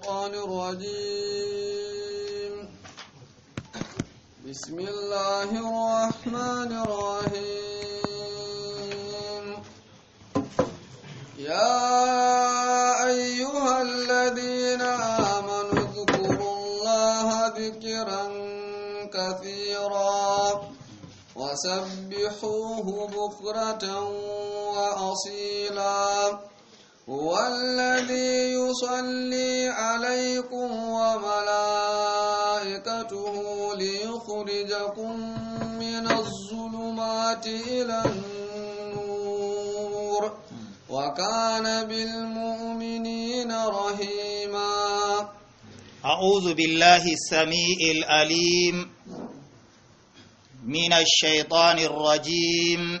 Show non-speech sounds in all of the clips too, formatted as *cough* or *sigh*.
الشيطان الرجيم بسم الله الرحمن الرحيم يا أيها الذين آمنوا اذكروا الله ذكرا كثيرا وسبحوه بكرة وأصيلا هو الذي يصلي عليكم وملائكته ليخرجكم من الظلمات إلى النور وكان بالمؤمنين رحيما أعوذ بالله السميع العليم من الشيطان الرجيم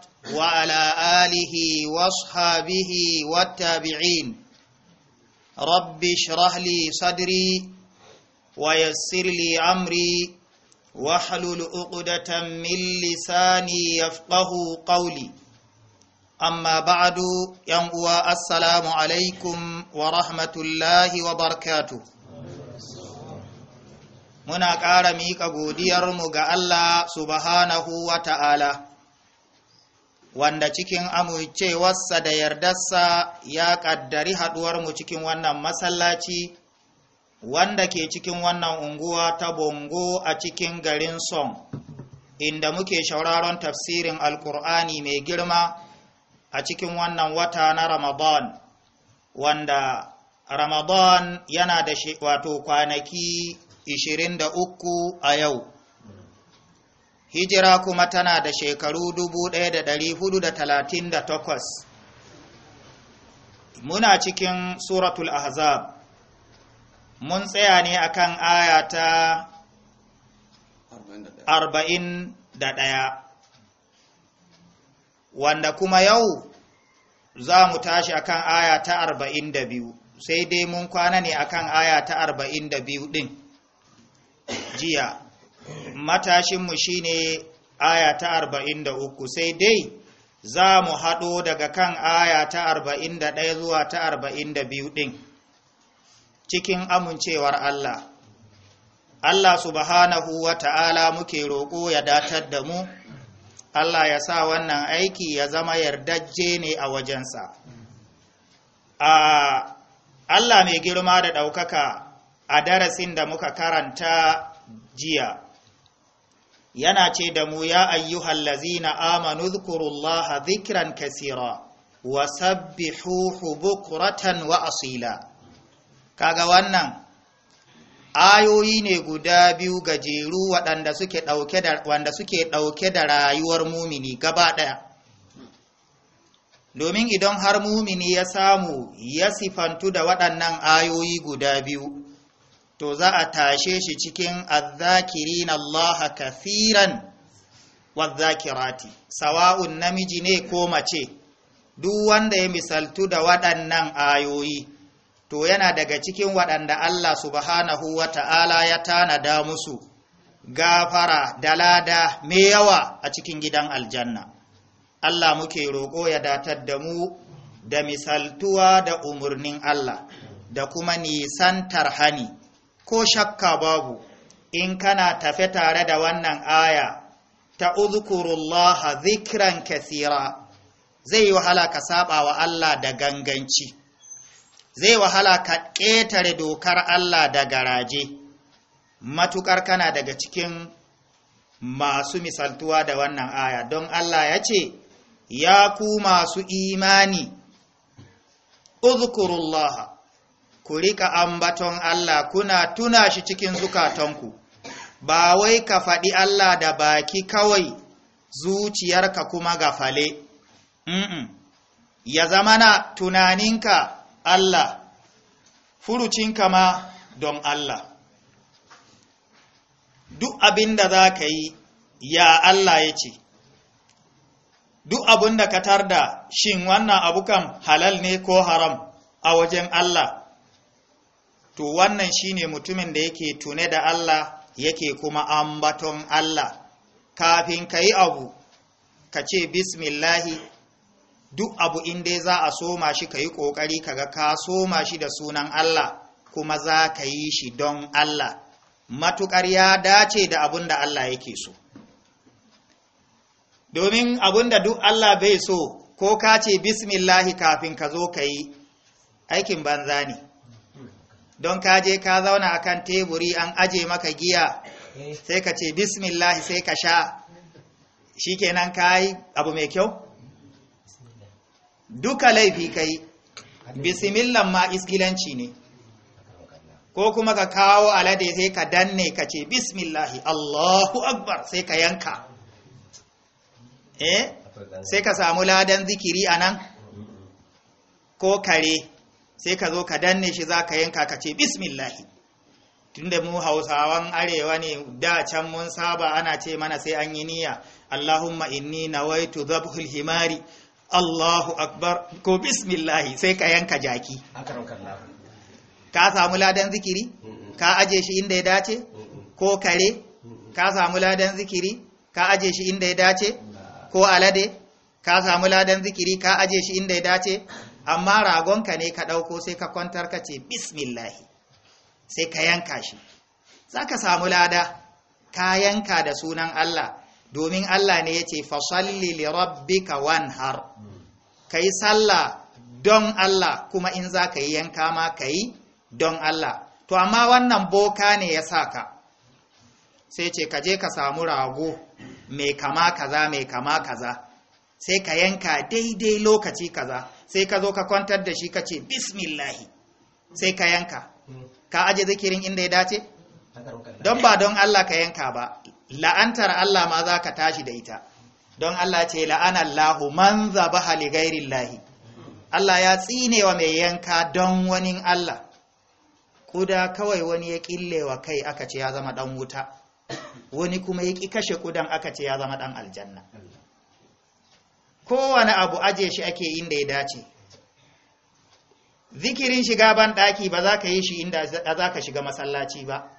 وعلى آله واصحابه والتابعين رب اشرح لي صدري ويسر لي أمري واحلل عقدة من لساني يفقه قولي أما بعد ينقوى السلام عليكم ورحمة الله وبركاته muna ƙara miƙa godiyarmu ga Allah subhanahu wa ta'ala wanda cikin amincewarsa da yardarsa ya ƙaddari haɗuwarmu cikin wannan masallaci wanda ke cikin wannan unguwa ta bongo a cikin garin son inda muke shauraron tafsirin alkur'ani mai girma a cikin wannan wata na ramadan wanda ramadan yana da wato kwanaki 23 a yau hijira kuma tana da shekaru 1438 muna cikin suratul ahzab mun tsaya ne akan aya ta 41 wanda kuma yau za mu tashi akan aya ta 42 sai dai mun kwana ne akan aya ta 42 din jiya matashinmu shi ne aya ta arba'in da uku sai dai za mu haɗo daga kan aya ta arba'in da ɗaya zuwa ta arba'in da biyu ɗin cikin amincewar Allah Allah subhanahu wa ta'ala muke roƙo ya datar da mu Allah ya sa wannan aiki ya zama yardajje ne a wajensa a Allah mai girma da ɗaukaka a darasin da muka karanta jiya yana ce da mu ya ayyuhal lazina amanu zukurullaha zikiran kasira wa sabbihuhu bukratan wa asila kaga wannan ayoyi ne guda biyu gajeru wanda suke ɗauke da rayuwar mumini gaba ɗaya domin idan har mumini ya samu ya sifantu da waɗannan ayoyi guda biyu to za a tashe shi cikin azzakirin Allah kathiran wadzakirati sawa'un namiji ne ko mace duk wanda ya misaltu da waɗannan ayoyi to yana daga cikin waɗanda Allah subhanahu wa ta'ala ya tanada musu gafara da lada mai yawa a cikin gidan aljanna Allah muke roƙo ya datar da mu da misaltuwa da umarnin Allah da kuma nisantar hani ko shakka babu in kana tafe tare da wannan aya ta uzkurullaha zikran kathira zai yi wahala ka saba wa Allah da ganganci zai wahala ka ƙetare dokar Allah da garaje matukar kana daga cikin masu misaltuwa da wannan aya don Allah ya ce ya ku masu imani uzkurullaha ku rika ambaton Allah kuna tuna shi cikin zukatanku ba wai ka faɗi Allah da baki kawai zuciyarka kuma ga fale. -mm. ya na tunaninka Allah furucinka ma don Allah duk abin da za ka yi ya Allah ya ce duk abin da ka tarda shin wannan abu kam halal ne ko haram a wajen Allah to wannan shine mutumin da yake tune da Allah yake kuma ambaton Allah kafin ka yi abu ka ce bismillahi duk abu inda za a soma shi ka yi ƙoƙari kaga ka soma shi da sunan Allah kuma za ka yi shi don Allah matuƙar ya dace da abun da Allah yake so domin abun da duk Allah bai so ko ka ce bismillahi kafin ka zo ka yi aikin banza ne don ka je ka zauna a kan teburi an aje maka giya sai ka ce bismillah sai ka sha shikenan kai abu mai kyau duka laifi kai bismillah ma iskilanci ne ko kuma ka kawo alade sai ka danne ka ce bismillah Allahu akbar sai ka yanka eh sai ka samu ladan zikiri anan ko kare sai ka zo ka danne shi za ka yanka ka ce bismillahi tunda mu hausawan arewa ne da can mun saba ana ce mana sai an yi niyya allahumma inni nawaitu dhabhul himari allahu akbar ko bismillahi sai ka yanka jaki ka samu ladan zikiri ka aje shi inda ya dace ko kare ka samu ladan zikiri ka aje shi inda ya dace ko alade ka samu ladan zikiri ka aje shi inda ya dace amma ragonka ne ka ɗauko sai ka kwantar ka ce bismillahi sai ka yanka shi za ka samu lada ka yanka da sunan Allah domin Allah ne ya ce fasalli li rabbika wanhar ka yi sallah don Allah kuma in za ka yi yanka ma ka yi don Allah to amma wannan boka ne ya sa ka sai ce ka je ka samu rago mai kama kaza mai kama kaza sai ka yanka daidai lokaci kaza sai ka zo ka kwantar da shi ka ce bismillahi sai ka yanka ka aje zikirin inda ya dace don ba don Allah ka yanka ba la'antar Allah ma za ka tashi da ita don Allah ce la'anallahu man zabaha li ghairillahi Allah ya tsine wa mai yanka don wani Allah kuda kawai wani ya wa kai aka ce ya zama dan wuta wani kuma ya ki kashe kudan aka ce ya zama dan aljanna kowane abu aje shi ake inda ya dace zikirin shiga ban daki ba za ka yi shi inda za ka shiga masallaci ba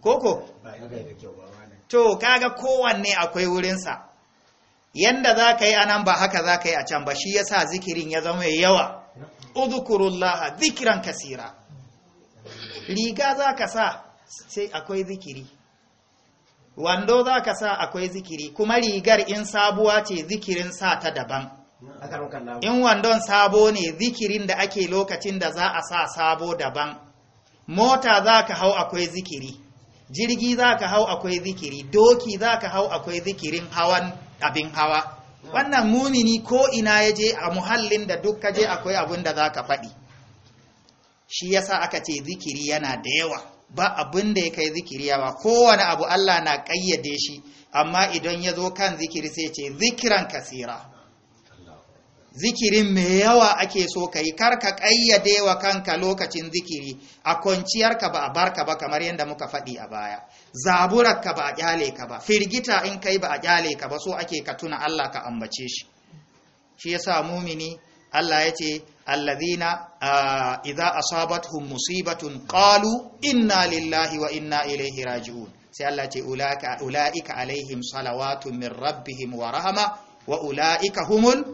koko to kaga kowanne akwai wurinsa yanda za ka yi anan ba haka za ka yi a can ba shi yasa zikirin ya zama yawa udhkurullaha zikiran kasira riga za ka sa sai akwai zikiri wando za ka sa akwai zikiri kuma rigar in sabuwa ce zikirin sa ta daban in wandon sabo ne zikirin da ake lokacin da za a sa sabo daban mota za ka hau akwai zikiri jirgi za ka hau akwai zikiri doki za ka hau akwai zikirin hawan abin hawa wannan mumini ko ina ya je a muhallin da duk ka je akwai abin da za ka faɗi shi yasa aka ce zikiri yana da yawa ba abin da ya kai zikiri ba kowane abu Allah na ƙayyade shi amma idan ya zo kan zikiri sai ce zikiran kasira zikirin mai yawa ake so ka yi kar ka ƙayyade wa kanka lokacin zikiri a kwanciyarka ba a barka ba kamar yadda muka faɗi a baya zaburarka ba a ƙyale ka ba firgita in kai ba a ƙyale ka ba so ake ka tuna Allah ka ambace shi shi yasa mumini Allah ya ce alladhina idza asabatuhum musibatun qalu inna lillahi wa inna ilaihi raji'un sai Allah ce ulaika ulaika alaihim salawatu min rabbihim wa rahama wa ulaika humul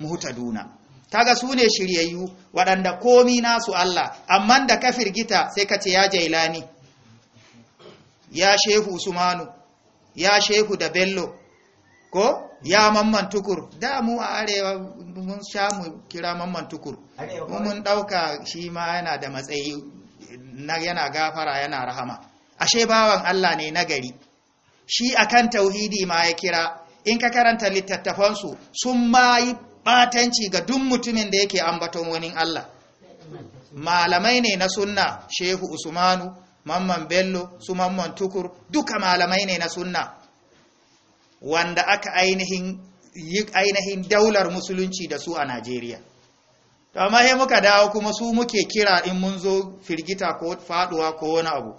muhtaduna kaga su ne shiryayyu waɗanda komi nasu Allah amma da ka firgita sai ka ya jailani ya shehu usmanu ya shehu da bello ko ya mamman tukur da mu a arewa mun sha mu kira mamman tukur mun ɗauka shi ma yana da matsayi yana gafara yana rahama ashe bawan Allah ne nagari shi akan tauhidi ma ya kira in ka karanta littattafansu sun ma yi batanci ga duk mutumin da yake ambaton wani Allah malamai ne na sunna shehu usmanu mamman bello su mamman tukur duka malamai ne na sunna wanda aka ainihin yi ainihin daular musulunci da su a Najeriya to amma sai muka dawo kuma su muke kira in mun zo firgita ko faduwa ko wani abu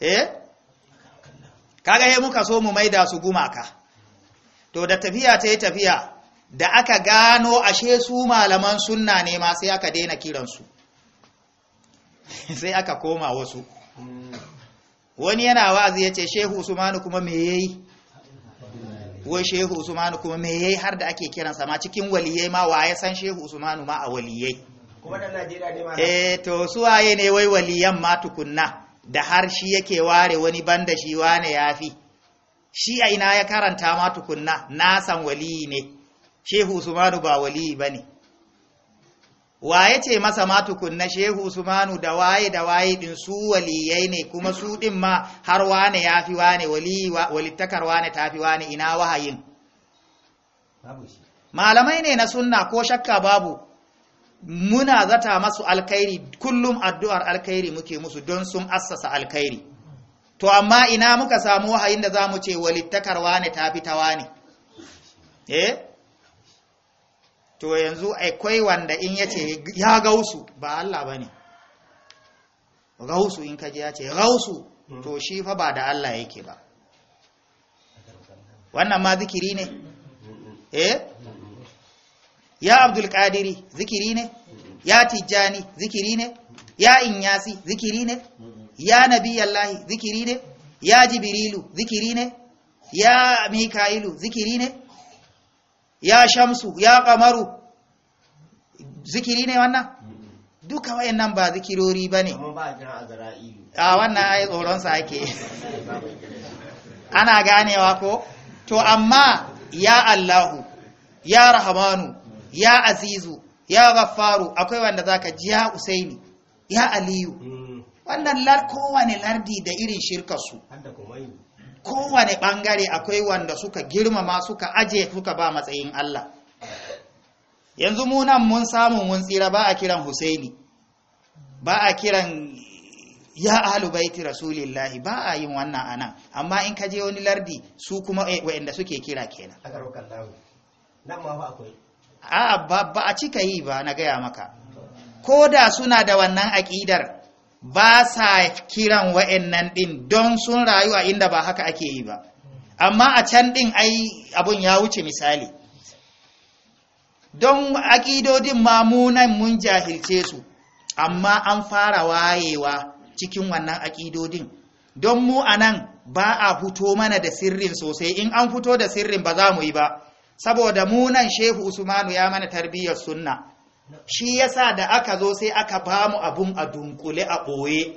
eh kaga sai muka so mu maida su gumaka to da tafiya ta yi tafiya da aka gano ashe su malaman sunna ne ma sai aka daina kiransu *laughs* sai aka koma wasu hmm. wani yana wa'azi ya ce shehu usmanu kuma me yayi wai shehu usmanu kuma me yayi har da ake kiransa ma cikin waliyai ma wa ya san shehu usmanu ma a waliyai kuma eh to su waye ne wai waliyan ma tukunna da har shi yake ware wani banda shi wane yafi shi a ina ya karanta ma tukunna na san waliyi ne shehu usmanu ba waliyi bane waye ce masa ma tukunna shehu usmanu da waye da waye din su waliyai ne kuma su din ma har wane ya fi wane walittakar wane ta fi wane ina wahayin malamai ne na sunna ko shakka babu muna zata masu alkhairi kullum addu'ar alkhairi muke musu don sun assasa alkhairi to amma ina muka samu wahayin da za mu ce walittakar wane ta fi ta wane eh to yanzu akwai wanda in yace ya gausu ba Allah bane gausu in kaje ya ce gausu to shi fa ba da Allah yake ba wannan ma zikiri ne eh ya abdul qadiri zikiri ne ya tijjani zikiri ne ya inyasi zikiri ne ya nabiyallahi zikiri ne ya jibrilu zikiri ne ya mikailu zikiri ne ya shamsu ya kamaru zikiri ne wannan duka nan ba zikirori ba ne a wannan ai tsoronsa ake ana ganewa ko to amma ya allahu ya Rahmanu, ya azizu ya gaffaru akwai wanda zaka ji ya usaini ya aliyu hmm. wannan lar kowane lardi da irin shirkarsu kowane bangare akwai wanda suka girmama suka aje suka ba matsayin Allah yanzu mu nan mun samu mun tsira ba a kiran Husaini ba a kiran ya ahlu baiti rasulillahi ba a yin wannan anan amma in ka je wani lardi su kuma eh, waɗanda suke kira kenan a'a ba a cika yi ba na gaya maka ko da suna da wannan aƙidar ba sa kiran wa'annan ɗin don sun rayu a inda ba haka ake yi ba amma a can ɗin ai abun ya wuce misali don aƙidodin mamunan mun jahilce su amma an fara wayewa cikin wannan aƙidodin don mu anan ba a fito mana da sirrin sosai in an fito da sirrin ba za mu yi ba saboda munan shehu usmanu ya mana tarbiyyar sunna shi yasa da aka zo sai aka ba mu abun a dunkule a ɓoye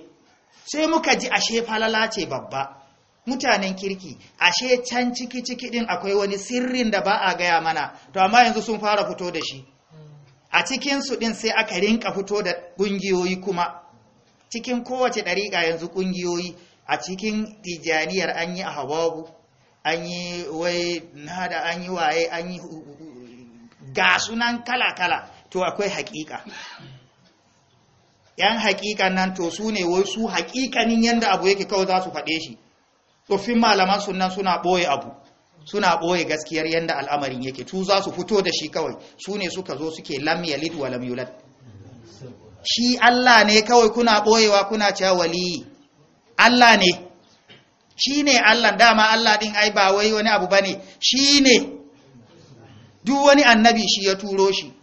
sai muka ji ashe falala ce babba mutanen kirki ashe can ciki ciki din akwai wani sirrin da ba a gaya mana to amma yanzu sun fara fito da shi a cikinsu din sai aka rinka fito da ƙungiyoyi kuma cikin kowace ɗariƙa yanzu ƙungiyoyi a cikin tijaniyar an yi a hawabu an yi wai nada an yi waye an yi ga sunan kala-kala to akwai haƙiƙa yan haƙiƙan nan to su ne wai su haƙiƙanin yanda abu yake kawai za su faɗe shi tsoffin malaman sunan suna ɓoye abu suna ɓoye gaskiyar yanda al'amarin yake tu za su fito da shi kawai su ne suka zo suke lam yalid wa lam yulad shi Allah ne kawai kuna ɓoyewa kuna cewa wali Allah ne shi ne Allah dama Allah ɗin ai ba wai wani abu ba ne shi ne duk wani annabi shi ya turo shi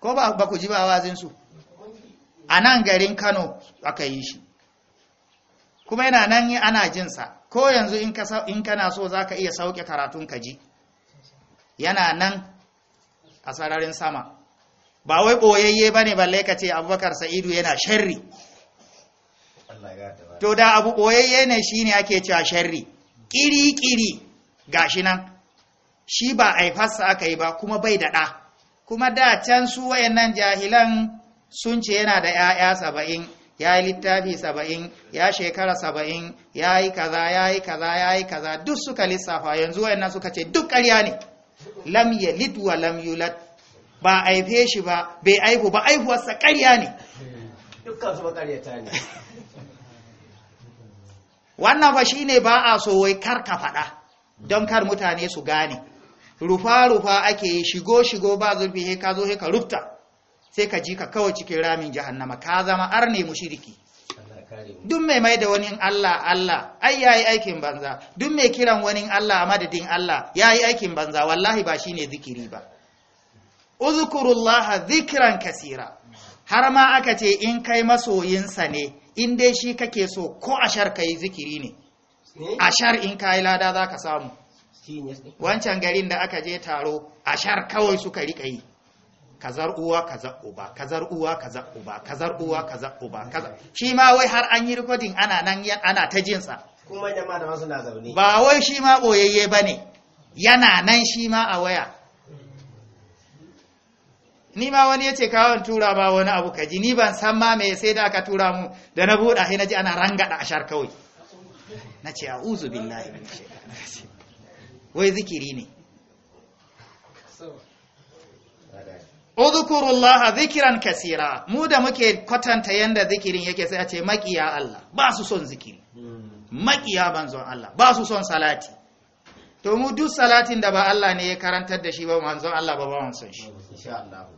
ko ba ku ji ba wazinsu a nan garin kano aka yi shi kuma yana nan yi ana jinsa ko yanzu in kana so za ka iya sauke karatun kaji yana nan a sararin sama ba wai ɓoyayye ba ne balle ka ce abubakar sa'idu yana sharri to da abu ɓoyayye ne shi ne ake cewa sharri ƙiri-ƙiri shi nan shi ba aifarsa aka yi ba kuma bai da ɗa kuma da can su wayannan jahilan sun ce yana da 'ya'ya saba'in ya yi littafi saba'in ya shekara saba'in ya yi kaza ya yi kaza ya yi kaza duk suka lissafa yanzu wayannan suka ce duk ƙarya ne lam ya wa lam yulat ba aife shi ba bai aihu ba aihuwarsa ƙarya ne dukkan su makaryata ne wannan ba shine ba a so wai karka faɗa don kar mutane su gane rufa-rufa ake yi shigo-shigo ba zurfi he ka zo he ka rufta sai ka ji ka kawai cikin ramin jahannama ka zama 'Ar arne mushiriki dun mai mai da wani Allah Allah ai yayi aikin banza duk mai kiran wani Allah a madadin Allah yayi aikin banza wallahi ba shine zikiri ba uzkurullaha zikran kasira har ma aka ce in kai masoyinsa ne in dai shi kake so ko ashar kai zikiri ne ashar in kai lada zaka samu wancan garin da aka je taro ashar kawai suka rika yi kazar uwa kazar uba kazar uwa kazar uba kazar uwa kazar uba kaza shi ma wai har an yi rikodin ana nan ana ta jinsa kuma jama da masu na zaune ba wai shi ma boyayye ne. yana nan shi ma a waya ni ma wani yace kawon tura ba wani abu kaji ni ban san ma me sai da aka tura mu da na buɗa sai ji ana rangada a shar kawai Na ce billahi minash shaitanir wai zikiri ne udhkurullaha zikiran kasira mu da muke kwatanta yanda zikirin yake sai a ce makiya Allah ba su son zikiri makiya manzon Allah ba su son salati to mu duk salatin da ba Allah ne ya karantar da shi ba manzon Allah ba ba mu son shi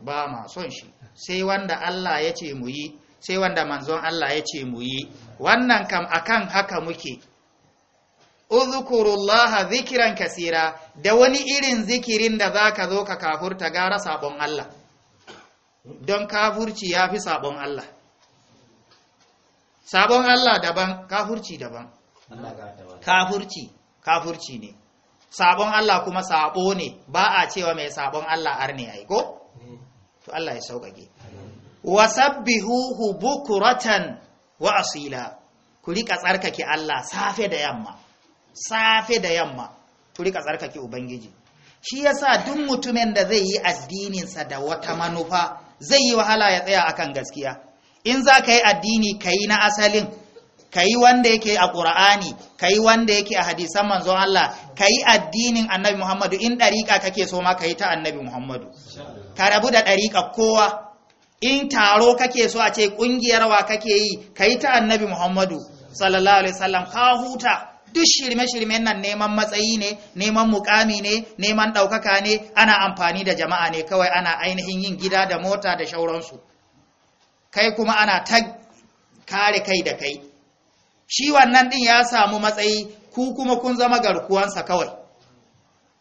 ba ma son shi sai wanda Allah ya ce mu yi sai wanda manzon Allah ya ce mu yi wannan kam akan haka muke Uzukurullaha zikiran kasira da wani irin zikirin da zaka zo ka kafurta gara sabon Allah don kafurci ya fi sabon Allah sabon Allah daban kafurci daban kafurci kafurci ne sabon Allah kuma sabo ne ba a cewa mai sabon Allah arne ne aiko? to Allah ya sauƙaƙe wasabbihuhu bukuratan wa asila ku riƙa tsarkake Allah safe da yamma safe da yamma to rika tsarkake ubangiji shi yasa duk mutumin da zai yi addininsa da wata manufa zai yi wahala ya tsaya akan gaskiya in za ka yi addini ka yi na asalin ka yi wanda yake a ƙura'ani ka yi wanda yake a hadisan manzon Allah ka yi addinin annabi Muhammadu in ɗariƙa kake so ma ka yi ta annabi Muhammadu ka rabu da ɗariƙa kowa in taro kake so a ce ƙungiyar wa kake yi ka yi ta annabi Muhammadu sallallahu alaihi wasallam ka huta duk shirme-shirmen nan neman matsayi ne neman mukami ne neman ɗaukaka ne ana amfani da jama'a ne kawai ana ainihin yin gida da mota da shauransu kai kuma ana ta kare kai da kai shi wannan ɗin ya samu matsayi ku kuma kun zama garkuwansa kawai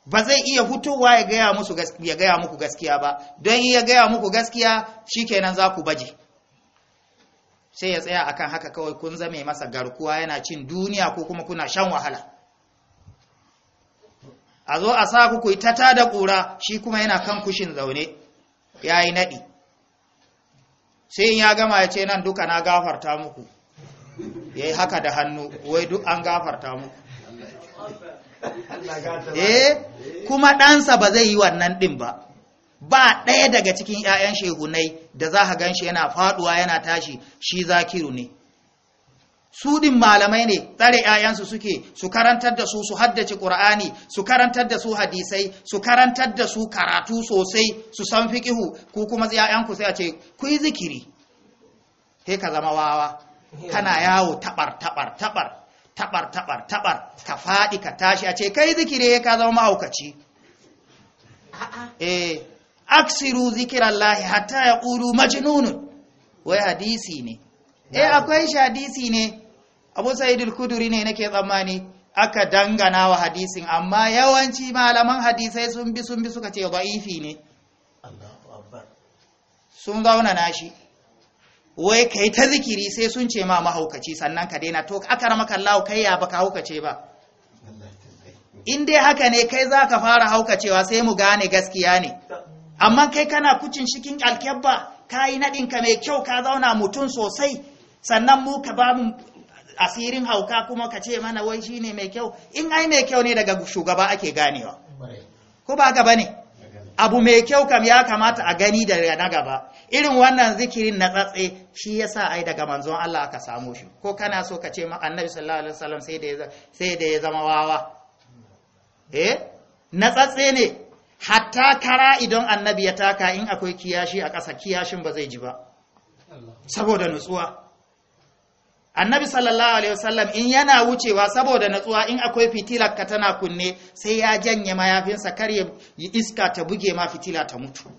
ba zai iya fitowa ya gaya muku gaskiya ba don iya gaya muku gaskiya shi kenan za ku baje sai ya tsaya akan haka kawai kun zame masa garkuwa yana cin duniya ko kuma kuna shan wahala a zo a sa ku ta tada ƙura shi kuma yana kan kushin zaune ya yi naɗi sai ya gama ya ce nan duka na gafarta muku ya yi haka da hannu wai duk an gafarta muku eh kuma ɗansa ba zai yi wannan ɗin ba ba ɗaya daga cikin 'ya'yan shehunai da za ka gan shi yana faɗuwa yana tashi shi zakiru ne su ɗin malamai ne tsare 'ya'yansu suke su karantar da su su haddace ƙur'ani su karantar da su hadisai su karantar da su karatu sosai su san fiƙihu ku kuma 'ya'yanku sai a ce ku yi zikiri he ka zama wawa kana yawo taɓar taɓar taɓar taɓar taɓar taɓar ka faɗi ka tashi a ce kai zikiri ka zama mahaukaci eh aksiru zikirallahi hatta ya ƙulu majinunun wai hadisi ne eh akwai shi hadisi ne abu sa'idul kuduri ne nake tsammani aka dangana wa hadisin amma yawanci malaman hadisai sun bi sun bi suka ce da'ifi ne sun zauna nashi wai kai ta zikiri sai sun ce ma mahaukaci sannan ka daina to aka rama kallahu kai ya baka haukace ba in dai haka ne kai za ka fara haukacewa sai mu gane gaskiya ne amma kai kana kucin shikin alkyabba ka yi naɗinka mai kyau ka zauna mutum sosai sannan mu ka ba mu asirin hauka kuma ka ce mana wai shi ne mai kyau in ai mai kyau ne daga shugaba ake ganewa ko ba gaba ne abu mai kyau kam ya kamata a gani da na gaba irin wannan zikirin na tsatse shi yasa ai daga manzon Allah aka samu shi ko kana so ka ce annabi sallallahu alaihi wasallam sai da ya zama wawa eh na tsatse ne hatta kara idan annabi ya taka in akwai kiyashi a ƙasa kiyashin ba zai ji ba saboda nutsuwa annabi sallallahu alaihi wasallam in yana wucewa saboda nutsuwa in akwai fitila ka tana kunne sai ya janye mayafinsa kar ya iska ta buge ma fitila ta mutu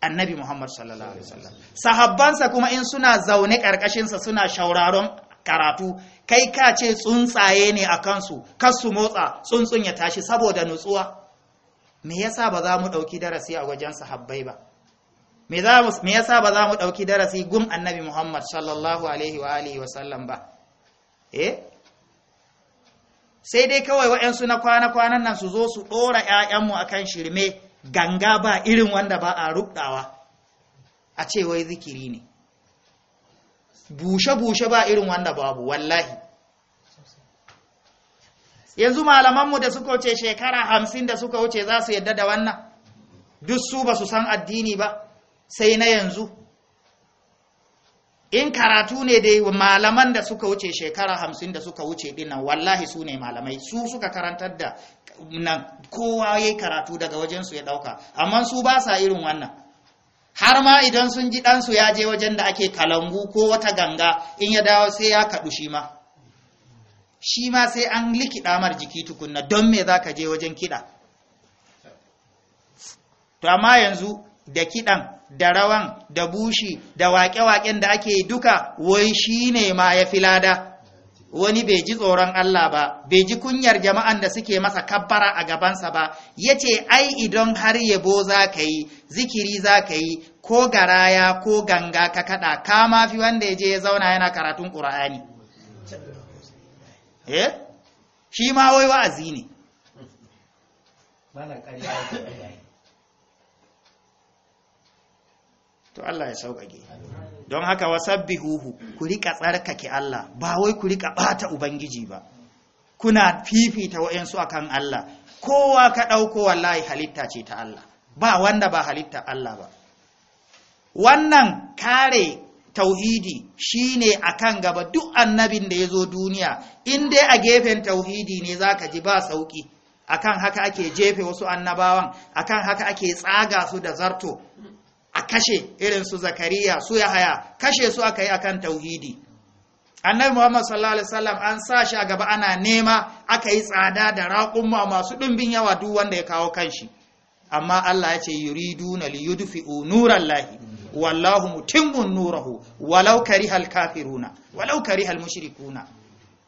annabi muhammad sallallahu alaihi wasallam sahabbansa kuma in suna zaune ƙarƙashinsa suna shauraron karatu kai ka ce tsuntsaye ne a kansu kar su motsa tsuntsun ya tashi saboda nutsuwa me yasa ba za mu ɗauki darasi a wajen sahabbai ba me yasa ba za mu ɗauki darasi gum annabi muhammad sallallahu alaihi wa alihi wa sallam ba eh sai dai kawai wa'yansu na kwana-kwanan nan su zo su ɗora ‘ya'yanmu a kan shirme ganga ba irin wanda ba a ruɗawa a ce wai zikiri ne bushe-bushe ba irin wanda babu wallahi yanzu malamanmu da suka wuce shekara hamsin da suka wuce za su yadda da wannan duk su ba su san addini ba sai na yanzu in karatu ne dai malaman da suka wuce shekara hamsin da suka wuce dinnan wallahi su ne malamai su suka karantar da nan kowa ya karatu daga wajensu ya ɗauka amma su ba sa irin wannan har ma idan sun ji ɗansu ya je wajen da ake kalangu ko wata ganga in ya dawo sai ya kaɗu shi ma shi ma sai an likida mar jiki tukunna don me za ka je wajen kiɗa to amma yanzu da kiɗan da rawan da bushi da waƙe-waƙen da ake duka wai shi ne ma ya fi lada wani bai ji tsoron Allah ba bai ji kunyar jama'an da suke masa kabbara a gabansa ba ya ce ai idan har yabo za ka yi zikiri za ka yi ko garaya ko ganga ka kaɗa ka mafi wanda ya je ya zauna yana karatun ƙura'ani eh shi ma wai wa'azi ne to Allah ya sauƙaƙe don haka huhu ku rika tsarkake Allah ba wai ku rika ɓata ubangiji ba kuna fifita wayansu akan Allah kowa ka ɗauko wallahi halitta ce ta Allah ba wanda ba halitta Allah ba wannan kare tauhidi shine akan gaba duk annabin da ya zo duniya in dai a gefen tauhidi ne zaka ji ba sauki akan haka ake jefe wasu annabawan akan haka ake tsaga su da zarto a kashe irin su zakariya su yahaya kashe su aka yi akan tauhidi annabi muhammad sallallahu alaihi wasallam an sa shi a gaba ana nema aka yi tsada da ma masu ɗumbin yawa duk wanda ya kawo kanshi amma allah ya ce yuriduna liyudfi'u nurallahi wallahu mutimmun nurahu walau karihal kafiruna walau karihal mushrikuna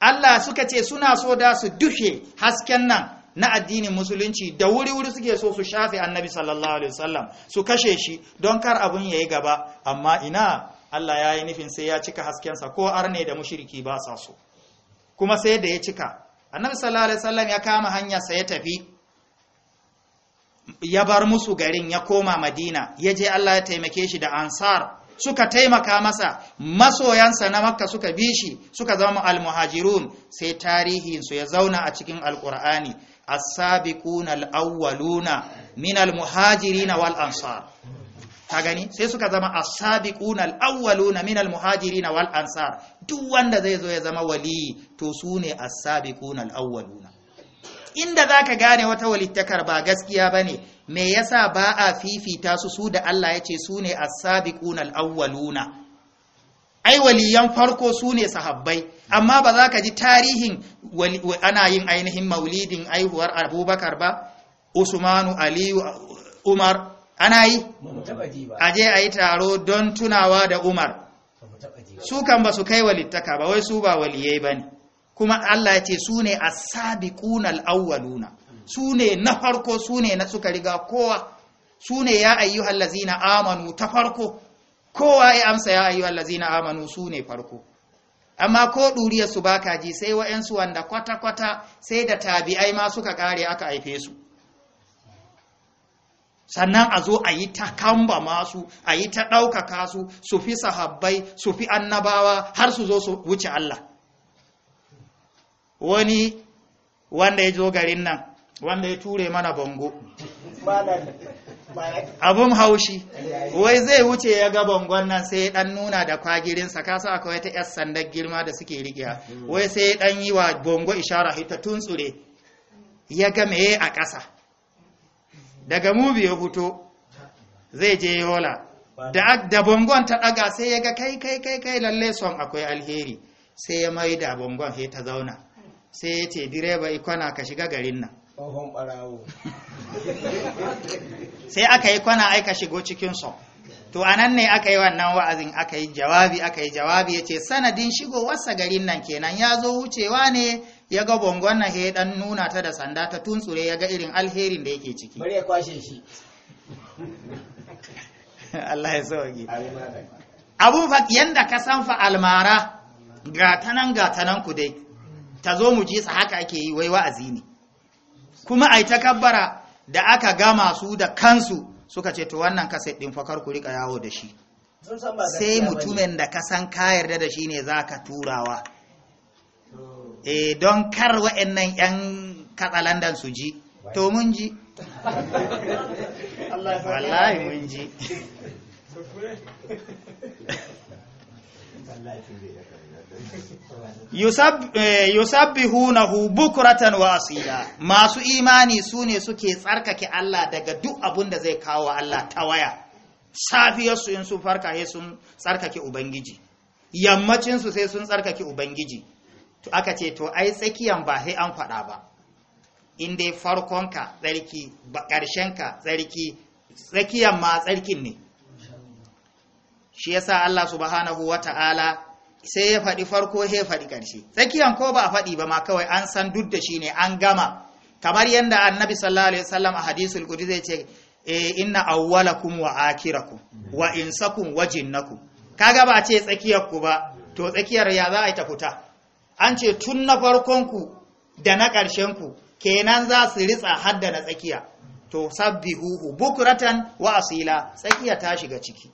Allah suka ce suna so da su dushe hasken nan na addinin musulunci da wuri-wuri suke so su shafe annabi sallallahu alaihi wasallam su kashe shi don kar abun yayi gaba amma ina Allah ya yi nufin sai ya cika hasken sa ko arne da mushriki ba sa so kuma sai da ya cika annabi sallallahu alaihi wasallam ya kama hanya hanyarsa ya tafi ya bar musu garin ya koma madina ya je Allah ya taimake shi da ansar suka taimaka masa masoyansa na makka suka bi shi suka zama almuhajirun sai tarihinsu ya zauna a cikin alkur'ani as-sabiquna al-awwaluna min al-muhajirin wal ansar ka gani sai suka zama as-sabiquna al-awwaluna min al-muhajirin wal ansar duk wanda zai zo ya zama wali to sune as-sabiquna al-awwaluna inda za ka gane wata walittakar ba gaskiya ba ne me yasa ba a fifita su su da Allah ya ce su ne a sabi kunal ai waliyan farko su ne sahabbai amma ba za ka ji tarihin ana yin ainihin maulidin aihuwar abubakar ba usmanu aliyu umar ana yi aje a yi taro don tunawa da umar su kan ba su kai walittaka ba wai su ba waliyai ba ne kuma Allah ya ce su ne a sabi kunal awwaluna su ne na farko su ne na suka riga kowa su ne ya ayyu hallazi na amanu ta farko kowa ya amsa ya ayyu hallazi na amanu su ne farko amma ko ɗuriyar su baka ji sai wa'yansu wanda kwata-kwata sai da tabi'ai ma suka ƙare aka haife su sannan a zo a yi ta kamba masu a yi ta ɗaukaka su su fi sahabbai su fi annabawa har su zo su wuce Allah wani wanda ya zo garin nan wanda ya ture mana bango abun haushi wai zai wuce ya ga bangon nan sai ya dan nuna da kwagirinsa kasa akwai wata 'yar sandar girma da suke rigiya wai sai ya dan yi wa bango ishara ita tuntsure ya ga meye a ƙasa daga mubi ya fito zai je yola da bangon ta daga sai ya ga kai kai kai kai lalle son akwai alheri sai ya mai da bangon sai ta zauna sai ya ce direba ikona ka shiga garin nan *laughs* sai aka yi kwana aika shigo cikin so to anan ne aka yi wannan wa'azin aka yi jawabi aka yi jawabi ya ce sanadin shigowarsa garin nan kenan ya zo wucewa ne ya ga bongon na he dan nuna ta da sanda ta tuntsure ya ga irin alherin da yake ciki bari ya kwashe shi *laughs* Allah ya sauke abun fa yanda ka san fa almara gatanan gatanan ku dai ta zo mu ji sa haka ake yi wai wa'azi ne kuma ai takabbara da aka gama su da kansu suka ce to wannan kasai din fakar ku rika yawo da shi sai mutumin da ka san ka yarda da shi ne za ka turawa eh don kar wa'annan yan katsalandan su ji to mun ji *laughs* wallahi mun ji *laughs* *laughs* Eh, yusabbihunahu bukratan wa asila masu imani sune suke tsarkake Allah daga duk abun da zai kawo Allah ta waya safiyarsu in sun farka sai sun tsarkake ubangiji yammacinsu sai sun tsarkake ubangiji to aka ce to ai tsakiyan ba sai an faɗa ba in dai farkonka tsarki ƙarshenka tsarki tsakiyan ma tsarkin ne shi yasa Allah subhanahu wata'ala sai ya faɗi farko sai faɗi ƙarshe tsakiyan ko ba a faɗi ba ma kawai an san duk da shi ne an gama kamar yadda annabi sallallahu alaihi wasallam a hadisul qudsi zai ce eh, inna awwalakum wa akhirakum wa insakum wa jinnakum kaga ba a ce tsakiyar ku ba to tsakiyar ya za a yi ta fita an ce tun na farkon ku da na ƙarshen ku kenan za su ritsa hadda na tsakiya to sabbihuhu bukratan wa asila tsakiya ta shiga ciki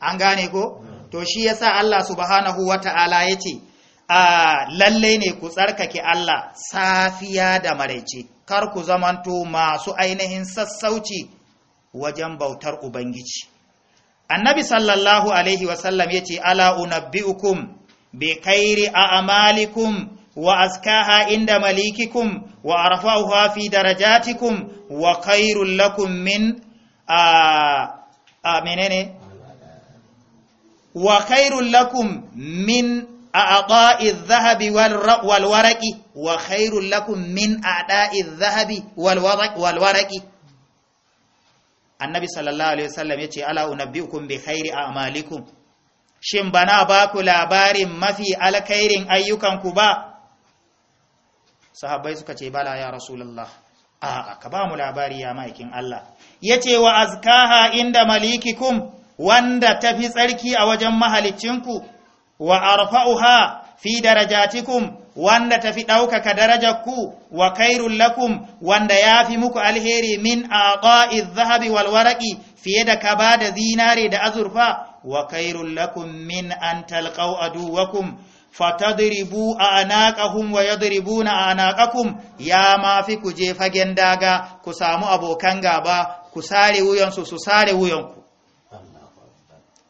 an gane ko to shi ya sa Allah subhanahu wata'ala yace a lallai ne ku tsarkake Allah safiya da maraice kar ku zamanto masu ainihin sassauci wajen bautar ubangiji annabi sallallahu alaihi wasallam yace ala unabbiukum bi a a'malikum wa azkaha inda malikikum wa arfa'uha fi darajatikum wa kairu lakum min a menene wa khairul lakum min a'da'i adh-dhahabi wal waraqi wa khairul lakum min a'da'i adh-dhahabi wal waraqi annabi sallallahu alaihi wasallam yace ala unabbiukum bi khairi a'malikum shin bana ba ku labarin mafi alkhairin ayyukanku ba sahabbai suka ce bala ya rasulullah a'a ka ba mu labari ya maikin Allah yace wa azkaha inda malikikum wanda tafi tsarki a wajen mahalicinku wa arfa'uha fi darajatikum wanda tafi ɗaukaka darajarku wa kairun lakum wanda ya fi muku alheri min aqa'i zahabi wal waraqi fiye da kaba da zinare da azurfa wa kairun lakum min an talqaw aduwakum fatadribu anaqahum wa yadribuna anaqakum ya ma fi ku je fagen daga ku samu abokan gaba ku sare wuyansu su sare wuyanku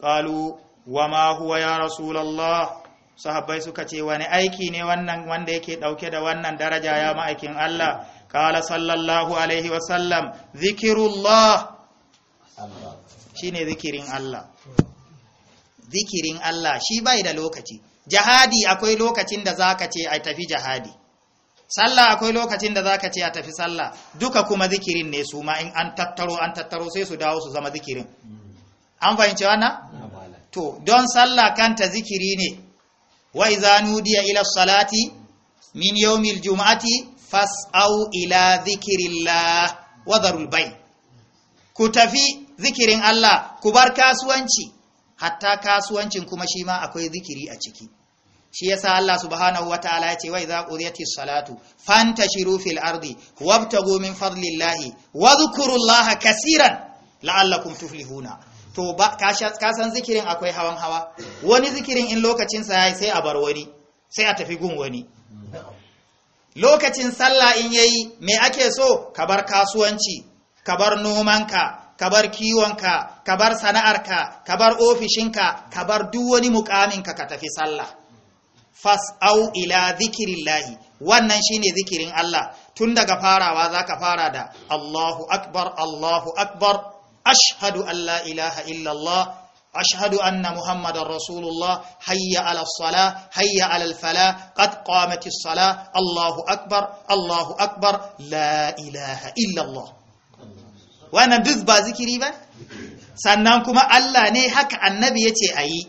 qalu wama huwa ya rasulullah sahabbai suka ce wani aiki ne wannan wanda yake dauke da wannan daraja ya ma'aikin Allah kala sallallahu alaihi wa sallam zikirullah shine zikirin Allah zikirin Allah shi bai da lokaci jihadi akwai lokacin da zaka ce a tafi jihadi sallah akwai lokacin da zaka ce a tafi sallah duka kuma zikirin ne su ma in an tattaro an tattaro sai su dawo su zama zikirin an fahimci wannan to don sallah kanta zikiri ne wa idza nudiya ila salati min yawmil juma'ati fas'au ila dhikrillah wa dharul bay ku tafi zikirin Allah ku bar kasuwanci hatta kasuwancin kuma shi ma akwai zikiri a ciki shi yasa Allah subhanahu wataala yace wa idza qudiyatis salatu fantashiru fil ardi wabtagu min fadlillahi wadhkurullaha kaseeran la'allakum tuflihuna to ba ka san zikirin akwai hawan hawa wani zikirin in lokacinsa ya yi sai a bar wani sai a tafi gun wani lokacin sallah in yayi me ake so ka bar kasuwanci ka bar nomanka ka bar kiwonka ka bar sana'arka ka bar ofishinka ka bar duk wani mukaminka ka tafi sallah fas au ila zikirillahi wannan shine zikirin Allah tun daga farawa zaka fara da Allahu akbar Allahu akbar ashadu an la ilaha illallah ashadu anna muhammadan rasulullah hayya ala sala hayya ala alfala qad sala allahu akbar allahu akbar la ilaha illallah wannan duk ba zikiri ba sannan kuma Allah ne haka annabi yace ayi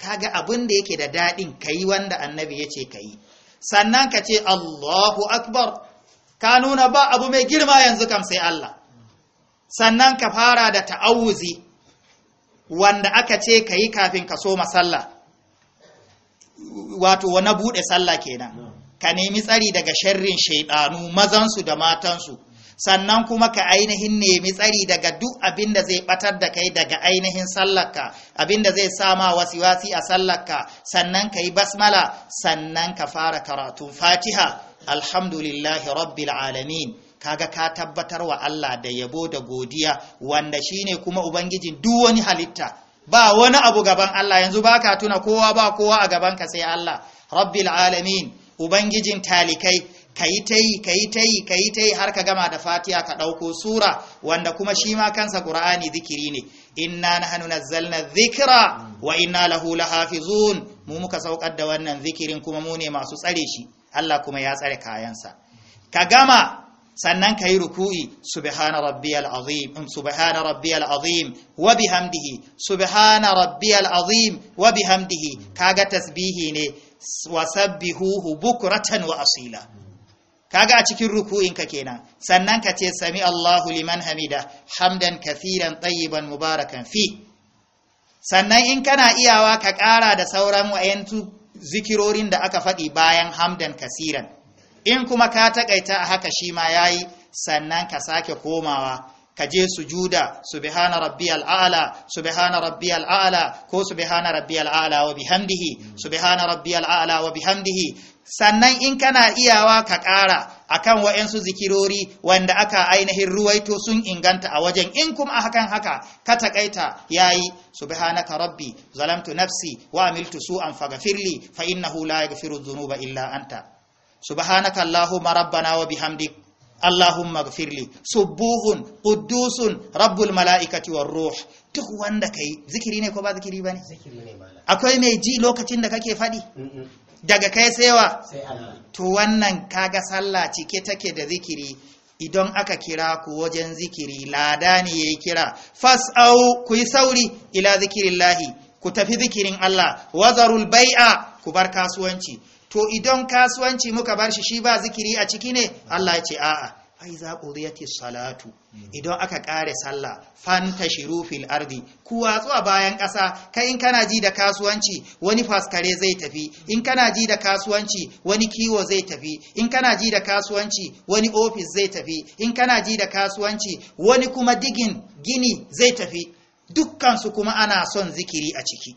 kaga abun da yake da dadin kai wanda annabi yace kai sannan ka ce allahu akbar ka nuna ba abu mai girma yanzu kam sai Allah sannan ka fara da ta'awuzi wanda aka ce ka yi kafin ka soma sallah wato wani buɗe sallah kenan ka nemi tsari daga sharrin shaiɗanu mazansu da matansu sannan kuma ka ainihin nemi tsari daga duk abin da zai batar da kai daga ainihin sallarka abin da zai sama wasi a sallarka sannan ka yi basmala sannan ka fara karatun fatiha alhamdulillahi rabbil alamin kaga ka tabbatar wa Allah da yabo da godiya wanda shine kuma ubangijin duk wani halitta ba wani abu gaban Allah yanzu baka tuna kowa ba kowa a gaban ka sai Allah rabbil alamin ubangijin talikai kayi tayi kayi tayi kayi tayi har ka gama da Fatiha ka dauko sura wanda kuma shi ma kansa Qur'ani zikiri ne inna nahnu nazzalna dhikra wa inna lahu lahafizun mu muka saukar da wannan zikirin kuma mu ne masu tsare shi Allah kuma ya tsare kayansa ka gama sannan ka yi ruku'i subhana rabbiyal azim mm, subhana rabbiyal azim wa bihamdihi subhana rabbiyal azim wa bihamdihi kaga tasbihi ne wa sabbihuhu bukratan wa asila kaga a cikin ruku'in ka kenan sannan ka ce sami Allahu liman hamida hamdan kathiran tsayiban mubarakan fi sannan in kana iyawa ka ƙara da sauran wa'yantu zikirorin da aka faɗi bayan hamdan kasiran in kuma ka takaita a haka shi ma yayi sannan ka sake komawa ka je su sujuda subhana rabbiyal a'la subhana rabbi al’ala ko subhana rabbi al’ala wa bihamdihi subhana rabbi al’ala wa bihamdihi sannan in kana iyawa ka ƙara a akan wa'ansu zikirori wanda aka ainihin ruwaito sun inganta a wajen in kuma hakan haka ka takaita yayi ka rabbi zalamtu nafsi wa amiltu su'an faghfirli fa innahu la gafiru zunuba illa anta subhanaka allahumma rabbana wa bihamdik allahumma gfirli subuhun quddusun rabbul mala'ikati war ruh duk wanda kai zikiri ne ko ba zikiri bane akwai mai ji lokacin da kake fadi daga kai saiwa to wannan kaga sallah cike take da zikiri idan aka kira ku wajen zikiri lada ne yayi kira fas'au ku yi sauri ila zikirillahi ku tafi zikirin Allah wazarul bai'a ku bar kasuwanci to idan kasuwanci muka bar shi shi ba zikiri a ciki ne Allah ya ce a'a ai za qudiyati salatu mm. idan aka kare sallah fantashiru fil ardi ku a bayan ƙasa kai in kana ji da kasuwanci wani faskare zai tafi in kana ji da kasuwanci wani kiwo zai tafi in kana ji da kasuwanci wani ofis zai tafi in kana ji da kasuwanci wani kuma digin gini zai tafi dukkan su kuma ana son zikiri a ciki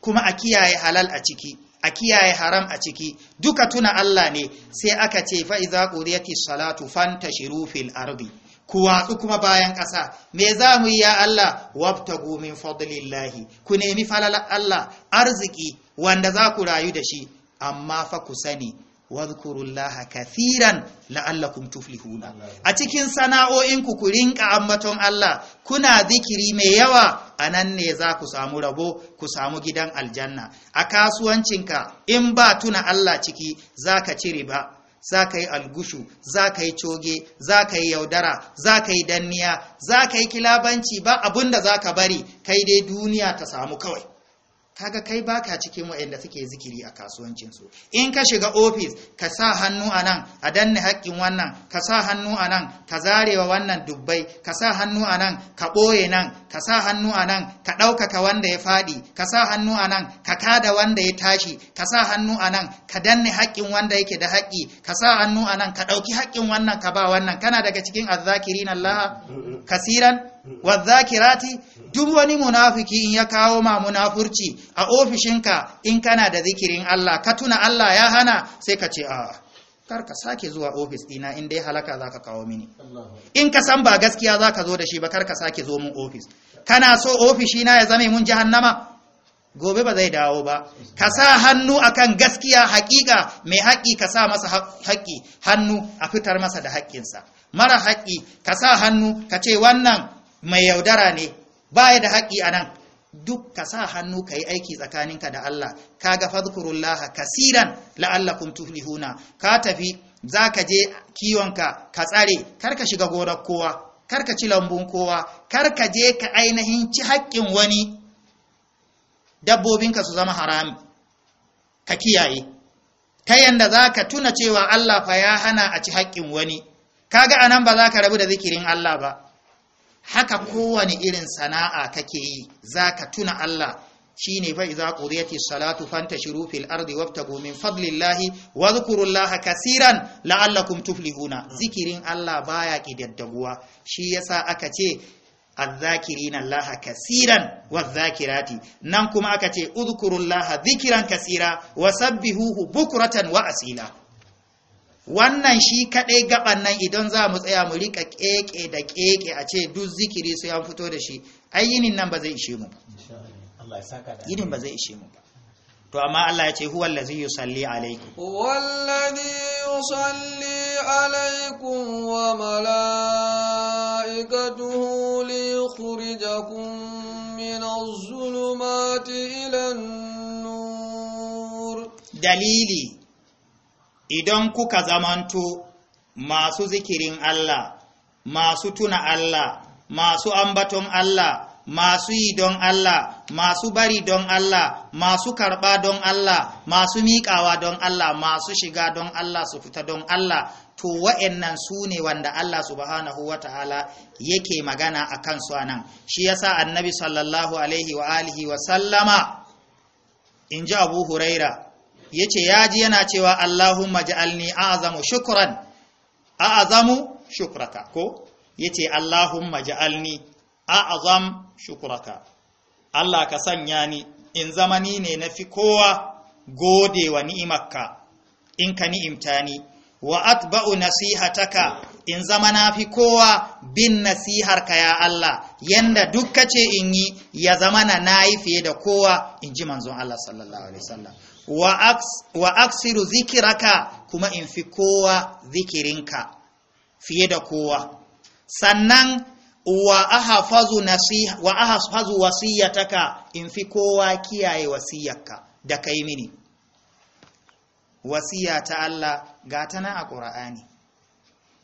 kuma a kiyaye halal a ciki a kiyaye haram a ciki duka tuna Allah ne sai aka ce fa iza qudiyati salatu Fanta, fil ardi ku watsu kuma bayan ƙasa me za mu yi ya Allah wabtagu min fadlillahi ku nemi falalar Allah arziki wanda za ku rayu da shi amma fa ku sani wadhkurullaha kathiran la'allakum tuflihuna a cikin sana'o'inku ku rinka ammaton Allah kuna zikiri mai yawa a nan ne za ku samu rabo ku samu gidan aljanna a kasuwancinka in ba tuna Allah ciki za ka ci riba za ka yi algushu za ka yi coge za ka yi yaudara za ka yi danniya za ka yi kilabanci ba abin da za ka bari kai dai duniya ta samu kawai kaga kai baka cikin waɗanda suke zikiri a kasuwancinsu in ka shiga ofis ka sa hannu a nan a danne haƙƙin wannan ka sa hannu a nan ka zarewa wannan dubbai ka sa hannu a nan ka ɓoye nan ka sa hannu a nan ka ɗaukaka wanda ya faɗi ka sa hannu a nan ka kada wanda ya tashi ka sa hannu a nan ka danne haƙƙin wanda yake da haƙƙi ka sa hannu a nan ka ɗauki haƙƙin wannan ka ba wannan kana daga cikin azzakirin Allah kasiran wadzakirati duk wani munafiki in ya kawo ma munafurci a ofishinka in kana da zikirin Allah ka tuna Allah ya hana sai ka ce a kar ka sake zuwa ofis dina in dai halaka zaka kawo mini in ka san ba gaskiya zaka zo da shi ba kar ka sake zo mun ofis kana so ofishina ya zame mun jahannama gobe ba zai dawo ba ka sa hannu akan gaskiya hakika mai haƙi ka sa masa haƙi hannu a fitar masa da haƙƙinsa mara haƙi ka sa hannu ka ce wannan mai yaudara ne baya da haƙi anan duk ka sa hannu ka yi aiki tsakaninka da Allah ka ga fadkurullaha kasiran la'allakum tuflihuna ka tafi za ka je kiwonka ka tsare karka shiga gorar kowa karka ci lambun kowa karka je ka ainihin ci haƙƙin wani dabbobinka su zama harami ka kiyaye ta yanda za ka tuna cewa Allah fa ya hana a ci haƙƙin wani kaga anan ba za ka rabu da zikirin Allah ba haka kowane irin sana'a kake yi zaka tuna Allah shine fa idza qudiyati salatu fantashiru fil ardi wabtagu min fadlillahi wadhkurullaha kaseeran la'allakum tuflihuna zikirin Allah baya kidaddaguwa shi yasa aka ce الذاكرين الله كثيرا والذاكرات ننكم أكتي اذكروا الله ذكرا كثيرا وسبهوه wa asila. wannan shi kaɗai gaban nan idan za mu tsaya mu rika keke da keke a ce duk zikiri su an fito da shi ai yinin nan ba zai ishe mu ba yinin ba zai ishe mu ba to amma Allah ya ce huwal ladhi yusalli alaikum huwal ladhi yusalli alaikum wa malaikatuhu li yukhrijakum min az-zulumati ila an-nur dalili idan kuka zamanto masu zikirin Allah masu tuna Allah masu ambaton Allah masu yi don Allah masu bari don Allah masu karɓa don Allah masu miƙawa don Allah masu shiga don Allah su fita don Allah to wa'annan su ne wanda Allah subhanahu ta'ala yake magana a kansu a nan shi yasa annabi sallallahu alaihi wa wa sallama in ji abu huraira yace yaji yana cewa Allahumma ja'alni a'zamu shukran a'zamu shukraka ko yace Allahumma ja'alni a'zam shukraka Allah ka sanya ni in ni ne nafi kowa gode wa ni'imarka in ka ni'imta ni wa atba'u nasihataka in zama na fi kowa bin nasiharka ya Allah yanda duk kace in yi ya zama na nayi fiye da kowa in ji manzon Allah sallallahu alaihi wasallam wa aksiru zikiraka kuma in fi kowa zikirinka fiye da kowa sannan wa aha fazu wasiyataka in fi kowa kiyaye wasiyarka da kai mini wasiya ta Allah ga ta na a ƙura'ani.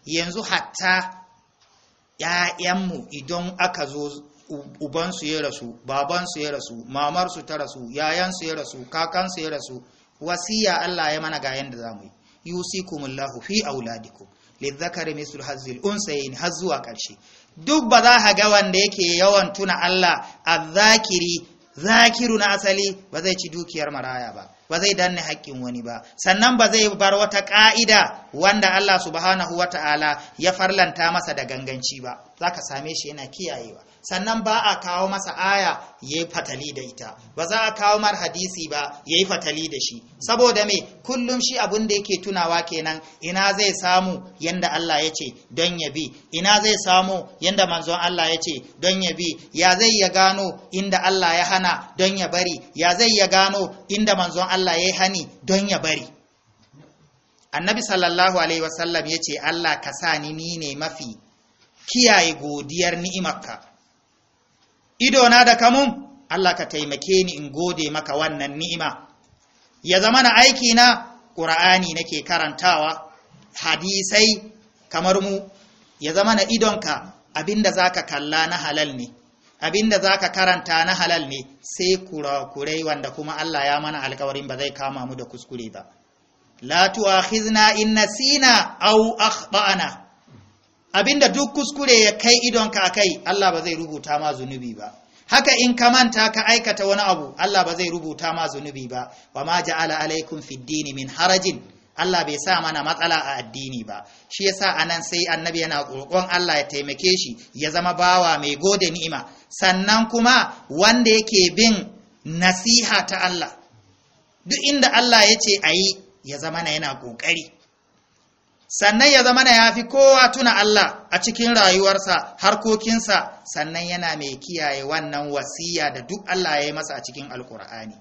yanzu hatta ‘ya'yanmu idan aka zo ubansu ya rasu babansu ya rasu mamarsu ta rasu yayansu ya rasu kakansu ya rasu wasiya Allah ya mana ga yanda zamu yi yusikumullahu fi auladikum lizzakari mislu hazil unsayin har zuwa ƙarshe duk ba za ka ga wanda yake yawan tuna Allah azzakiri zakiru na asali ba zai ci dukiyar maraya ba ba zai danne haƙƙin wani ba sannan ba zai bar wata ƙa'ida wanda Allah subhanahu wata'ala ya farlanta masa da ganganci ba za ka same shi yana kiyayewa sannan ba a kawo masa aya ya yi fatali da ita ba za a kawo mar hadisi ba ya yi fatali da shi saboda mai kullum shi abin da yake tunawa kenan ina zai samu yanda Allah ya ce don ya bi ina zai samu yanda manzon Allah ya ce don ya bi ya zai ya gano inda Allah ya hana don ya bari ya zai ya gano inda manzon Allah ya hani don ya bari annabi sallallahu alaihi wasallam ya ce Allah ka sa ni ni ne mafi kiyaye godiyar ni'imarka idona da kamun Allah ka taimake ni in gode maka wannan ni'ima ya zama na aiki na ƙura'ani nake karantawa hadisai kamar mu ya zama na idonka abinda zaka kalla na halal ne abinda zaka karanta na halal ne sai kurakurai wanda kuma Allah ya mana alkawarin ba zai kama mu da kuskure ba la tu'akhizna in nasina aw akhtana abinda duk kuskure ya kai idonka a kai Allah ba zai rubuta ma zunubi ba haka in ka manta ka aikata wani abu Allah ba zai rubuta ma zunubi ba wa ma ja'ala alaikum fid dini min harajin Allah bai sa mana matsala a addini ba shi yasa anan sai annabi yana kokon Allah ya taimake shi ya zama bawa mai gode ni'ima sannan kuma wanda yake bin nasiha ta Allah duk inda Allah ya ce ayi ya zama na yana ƙoƙari sannan ya zama na ya fi kowa tuna Allah a cikin rayuwarsa harkokinsa sannan yana mai kiyaye wannan wasiya da duk Allah ya yi masa a cikin alkur'ani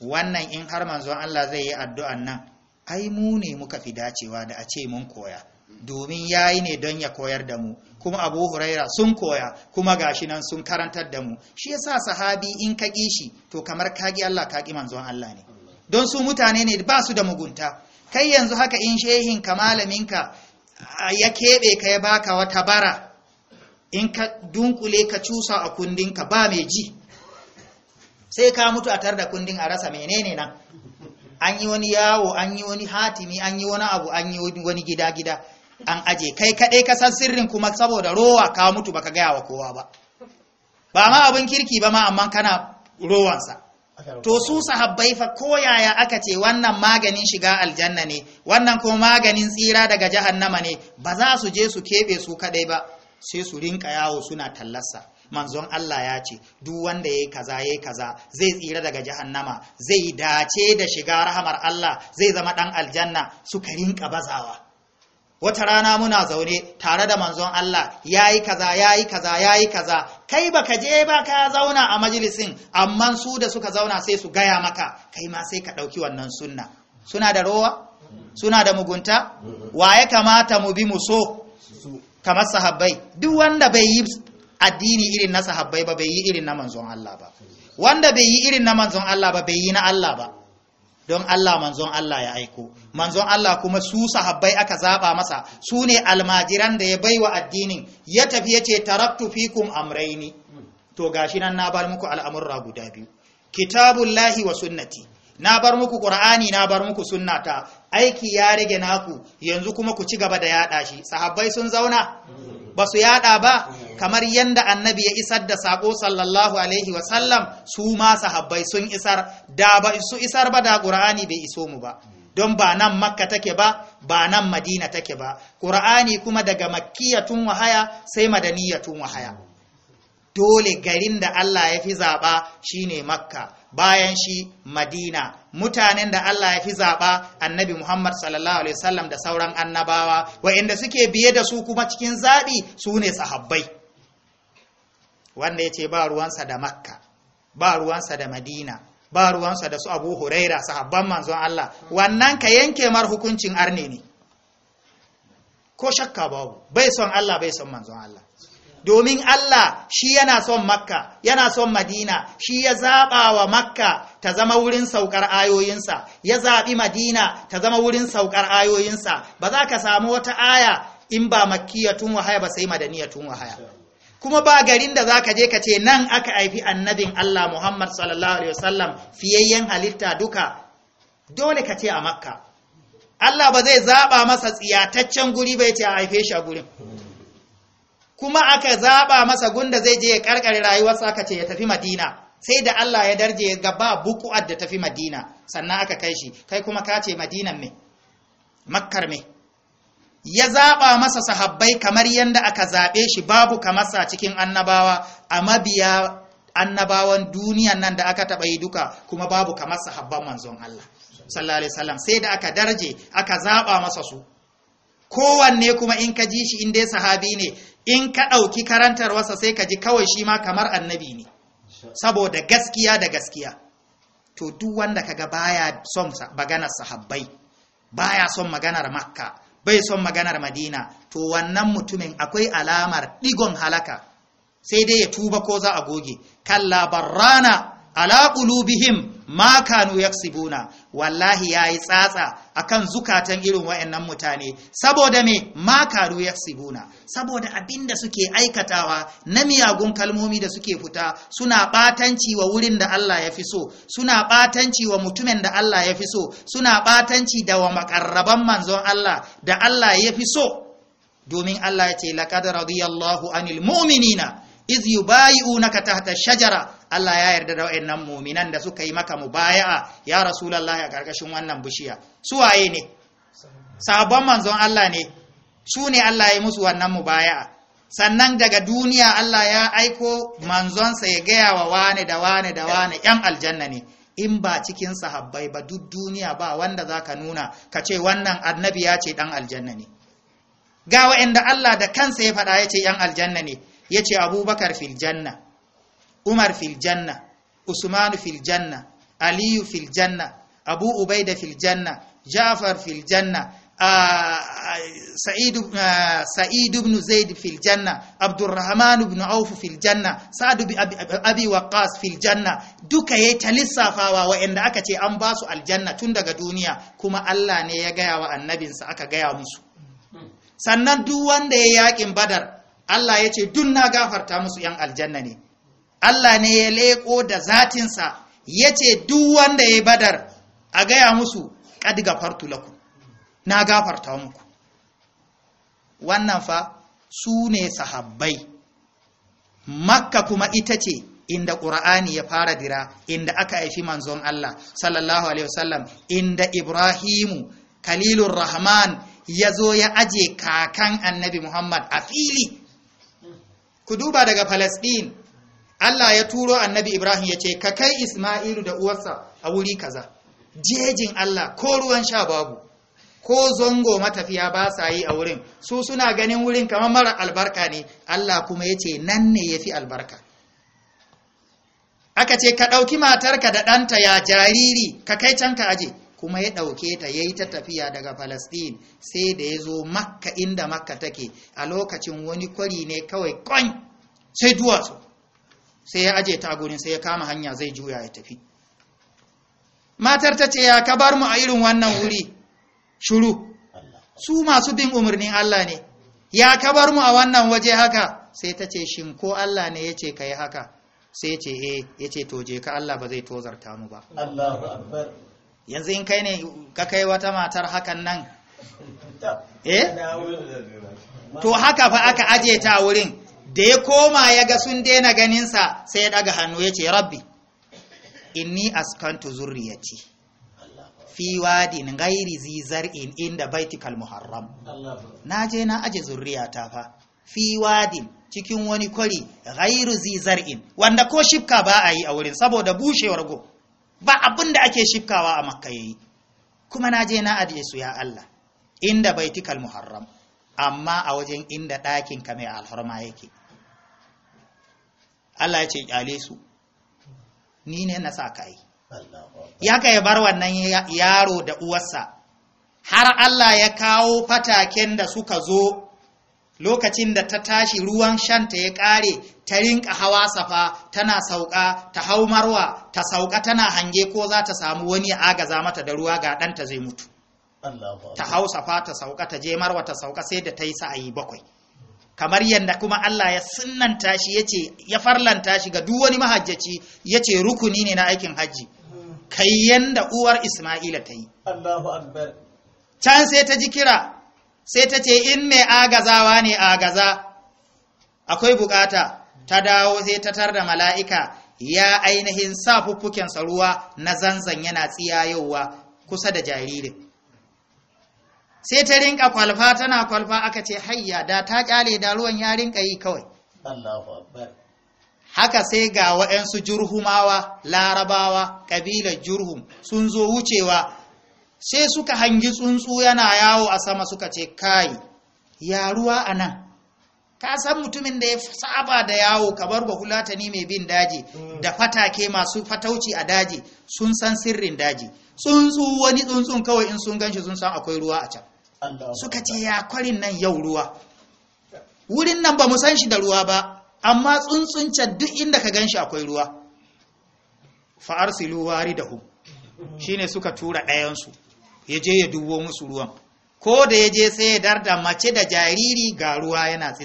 wannan in har manzon Allah zai yi addu'an nan ai mu ne muka fi dacewa da a ce mun koya domin ya yi ne don ya koyar da mu kuma abu huraira sun koya kuma gashi nan sun karantar da mu shi yasa sahabi in ka shi to kamar ka Allah ka manzon Allah ne don su mutane ne ba su da mugunta kai yanzu haka in shehin ka malaminka ya keɓe ka ya baka wata bara in ka dunkule ka cusa a kundinka ba mai ji sai ka mutu a tar da kundin a rasa menene nan an yi wani yawo an yi wani hatimi an yi wani abu an yi wani gida-gida an aje kai kaɗai ka san sirrin kuma saboda rowa ka mutu baka gaya wa kowa ba ba ma abin kirki ba ma amma kana rowansa to su sahabbai fa yaya aka ce wannan maganin shiga aljanna ne wannan kuma maganin tsira daga jahannama ne ba za su je su kebe su kadai ba sai su rinka yawo suna tallasa manzon Allah ya ce duk wanda yayi kaza yayi kaza zai tsira daga jahannama zai dace da shiga rahamar Allah zai zama dan aljanna suka rinka bazawa wata rana muna zaune tare da manzon Allah ya yi kaza ya yi kaza ya yi kaza kai baka je ba ka zauna a majalisin amma su da suka zauna sai su gaya maka kai ma sai ka ɗauki wannan sunna suna da rowa suna da mugunta waye kamata mu bi mu so kamar sahabbai duk wanda bai yi addini irin na sahabbai ba bai yi irin na manzon Allah ba wanda bai yi irin na manzon Allah ba bai yi na Allah ba don Allah manzon Allah ya aiko manzon Allah kuma su sahabbai aka zaba masa su ne almajiran da ya baiwa addinin ya tafi ya ce taraktu fikum amraini to gashi nan na bar muku al'amurra guda biyu kitabullahi wa sunnati na bar muku qur'ani na bar muku sunna ta aiki ya rage naku yanzu kuma ku ci gaba da yada shi sahabbai sun zauna ba su yada ba kamar yadda annabi ya isar da sako sallallahu alaihi wasallam su ma sahabbai sun isar da ba su isar ba da qur'ani bai iso mu ba don ba nan makka take ba ba nan madina take ba qur'ani kuma daga makkiyatun wahaya sai madaniyatun wahaya dole garin da Allah ya fi zaba shine makka bayan shi madina mutanen da Allah ya fi zaɓa annabi Muhammad sallallahu alaihi wasallam da sauran annabawa wa'inda suke biye da su kuma cikin zaɓi su ne sahabbai wanda ya ce ba ruwansa da makka ba ruwansa da madina ba ruwansa da su abu huraira sahabban manzon Allah wannan ka yanke mar hukuncin arne ne ko shakka babu bai son Allah bai son manzon Allah domin Allah shi yana son makka yana son madina shi ya zaɓa wa makka ta zama wurin saukar ayoyinsa ya zaɓi madina ta zama wurin saukar ayoyinsa ba za ka samu wata aya in ba makkiyatun wahaya ba sai madaniyatun wahaya kuma ba garin da za ka je ka ce nan aka haifi annabin Allah Muhammad sallallahu alaihi wasallam fiyayyen halitta duka dole ka ce a makka Allah ba zai zaɓa masa tsiyataccen guri ba ya ce a haife shi a gurin kuma aka zaba masa gunda zai je ya karkare rayuwarsa aka ce ya tafi madina sai da Allah ya darje ga ba buku'ar da tafi madina sannan aka kai shi kai kuma ka ce madinan me makkar me ya zaba masa sahabbai kamar yanda aka zabe shi babu kamarsa cikin annabawa a mabiya annabawan duniyan nan da aka taba yi duka kuma babu kamar sahabban manzon Allah sallallahu alaihi wasallam sai da aka darje aka zaba masa su kowanne kuma in ka ji shi in dai sahabi ne in ka ɗauki karantar karantarwarsa sai ka ji kawai shi ma kamar annabi ne saboda gaskiya da gaskiya to duk wanda kaga baya son maganar sahabbai baya son maganar makka bai son maganar madina to wannan mutumin akwai alamar ɗigon halaka sai dai ya tuba ko za a goge kalla barrana ala qulubihim ma kanu yaksibuna wallahi yayi tsatsa akan zukatan irin wayannan mutane saboda me ma kanu yaksibuna saboda abinda suke aikatawa na miyagun kalmomi da suke fita suna batanci wa wurin da Allah ya fi so suna batanci wa mutumin da Allah ya fi so suna batanci da wa makarraban manzon Allah da Allah ya fi so domin Allah ya ce laqad radiyallahu anil mu'minina iz yubayi'unaka tahta shajara Allah ya yarda da wayannan mu'minan da suka yi maka mubaya'a ya rasulullahi a karkashin wannan bishiya su waye ne sahabban manzon Allah ne su ne Allah ya musu wannan mubaya'a sannan daga duniya Allah ya aiko manzonsa ya gaya wa wane da wane da wane yan aljanna ne in ba cikin sahabbai ba duk duniya ba wanda zaka nuna ka ce wannan annabi ya ce dan aljanna ne ga wa'anda Allah da kansa ya faɗa ya ce yan aljanna ne ya ce abubakar fil janna umar fil janna usmanu fil janna aliyu fil janna abu ubaida fil janna ja'far fil janna sa'id ibn zaid fil janna abdurrahman ibn auf fil janna sa'd bi abi Waqqas fil janna duka yayi wa'anda aka ce an ba su aljanna tun daga duniya kuma Allah ne ya gaya wa annabinsa aka gaya musu sannan duk wanda ya yaƙin badar Allah ya ce duk na gafarta musu yan aljanna ne Allah ne ya leƙo da zatinsa ya ce duk wanda ya badar a gaya musu ƙad gafartu laku na gafarta muku wannan fa su ne sahabbai makka kuma ita ce inda ƙura'ani ya fara dira inda aka haifi manzon Allah sallallahu alaihi wasallam inda ibrahimu khalilun rahman ya zo ya aje kakan annabi muhammad a fili ku duba daga Falasɗin. Allah ya turo annabi Ibrahim ya ce ka kai Isma'ilu da uwarsa a wuri kaza jejin Allah ko ruwan sha babu ko zongo matafiya ba sa yi a wurin su suna ganin wurin kamar mara albarka ne Allah kuma ya ce nan ne ya fi albarka aka ce ka ɗauki matarka da ɗanta ya jariri ka kai can ka aje kuma ya ɗauke ta ya yi ta tafiya daga Falasɗin sai da ya zo makka inda makka take a lokacin wani kwari ne kawai kwan sai duwatsu sai ya aje ta gurin sai ya kama hanya zai juya ya tafi matar ta ce ya ka bar mu a irin wannan wuri shuru su masu bin umarnin Allah ne ya ka bar mu a wannan waje haka sai ta ce shin ko Allah ne ya ce ka yi haka sai ce eh ya ce to je ka Allah ba zai tozarta mu ba yanzu in kai ne ka kai wata matar hakan nan *laughs* eh to haka fa aka aje ta wurin da ya koma ya ga sun daina ganinsa sai ya daga hannu ya ce rabbi inni askantu zurriyati fi wadin gairi zizar'in inda baitikal muharram na je na aje zurriyata fa fi wadin cikin wani kwari gairu zizar'in wanda ko shifka ba a yi a wurin saboda bushewar go ba abin da ake shifkawa a makka yayi kuma na je na aje su ya Allah inda baitikal muharram amma a wajen inda ɗakin ka mai alharma yake Allah ya ce kyale su ni ne na sa kai ya ka bar wannan yaro da uwarsa har Allah ya kawo fataken da suka zo lokacin da ta tashi ruwan shanta ya ƙare ta rinka hawa safa tana sauka ta hau marwa ta sauka tana hange ko za ta samu wani ya agaza mata da ruwa ga ɗanta zai mutu ta hau safa ta sauka ta je marwa ta sauka sai da ta yi sa'ayi bakwai kamar yadda kuma Allah ya sunanta shi ce ya farlanta shi ga duk wani mahajjaci yace rukuni ne na aikin hajji. kai yadda uwar Isma'ila ta yi can sai ta ji kira sai ta ce in mai agazawa ne agaza akwai bukata ta dawo sai ta tar da mala'ika ya ainihin sa fuffukensa ruwa na zanzan yana tsiyayowa kusa da jaririn sai ta rinka kwalfa tana kwalfa aka ce hayya da ta kyale da ruwan ya rinka yi kawai haka sai ga waɗansu jurhumawa larabawa ƙabilar jurhum sun zo wucewa sai suka hangi tsuntsu yana yawo a sama suka ce kai ya ruwa a nan ka san mutumin da ya saba da yawo kabar ne mai bin daji da fatake masu fatauci a daji sun san sirrin daji tsuntsu wani tsuntsun kawai in sun ganshi sun san akwai ruwa a can suka ce ya kwarin nan yau ruwa wurin nan ba mu san shi da ruwa ba amma tsuntsunce duk inda ka gan shi akwai ruwa fa'ar silu wari da hu shi ne suka tura ɗayansu ya je ya dubo musu ruwan ko da ya je sai ya darda mace da jariri ga ruwa yana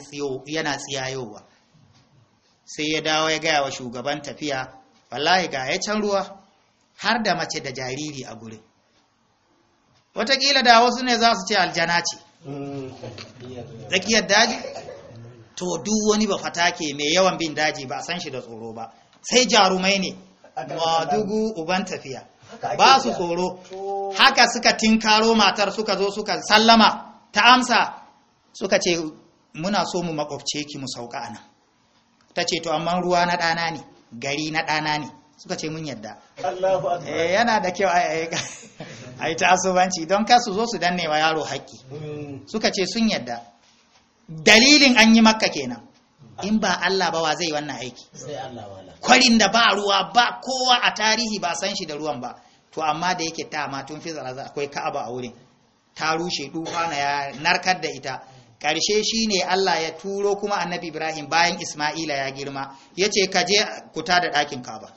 tsiyayowa sai ya dawo ya gaya wa shugaban tafiya wallahi ga ya can ruwa har da mace da jariri a gurin Wataƙila da wasu ne za su ce aljana ce tsakiyar daji to duk wani ba fata ke mai yawan bin daji ba a san shi da tsoro ba sai jarumai ne madugu uban tafiya ba su tsoro haka suka tinkaro matar suka zo suka sallama ta amsa suka ce muna so mu makwabce ki mu sauka ana ta ce to amma ruwa na ɗana ne gari na ɗana ne suka ce mun yadda eh, yana da kyau a yi ta'asubanci don kasu zo su danne wa yaro haƙƙi hmm. suka ce sun yadda dalilin an yi makka kenan in ba Allah ba wa zai wannan aiki kwarin da ba ruwa ba kowa a tarihi ba san shi da ruwan ba to amma da yake ta ma tun fi zaraza akwai ka'aba a wurin ta rushe na ya narkar da ita Karshe shi ne Allah ya turo kuma annabi Ibrahim bayan Ismaila ya girma ya ce ka je kuta da ɗakin ka ba.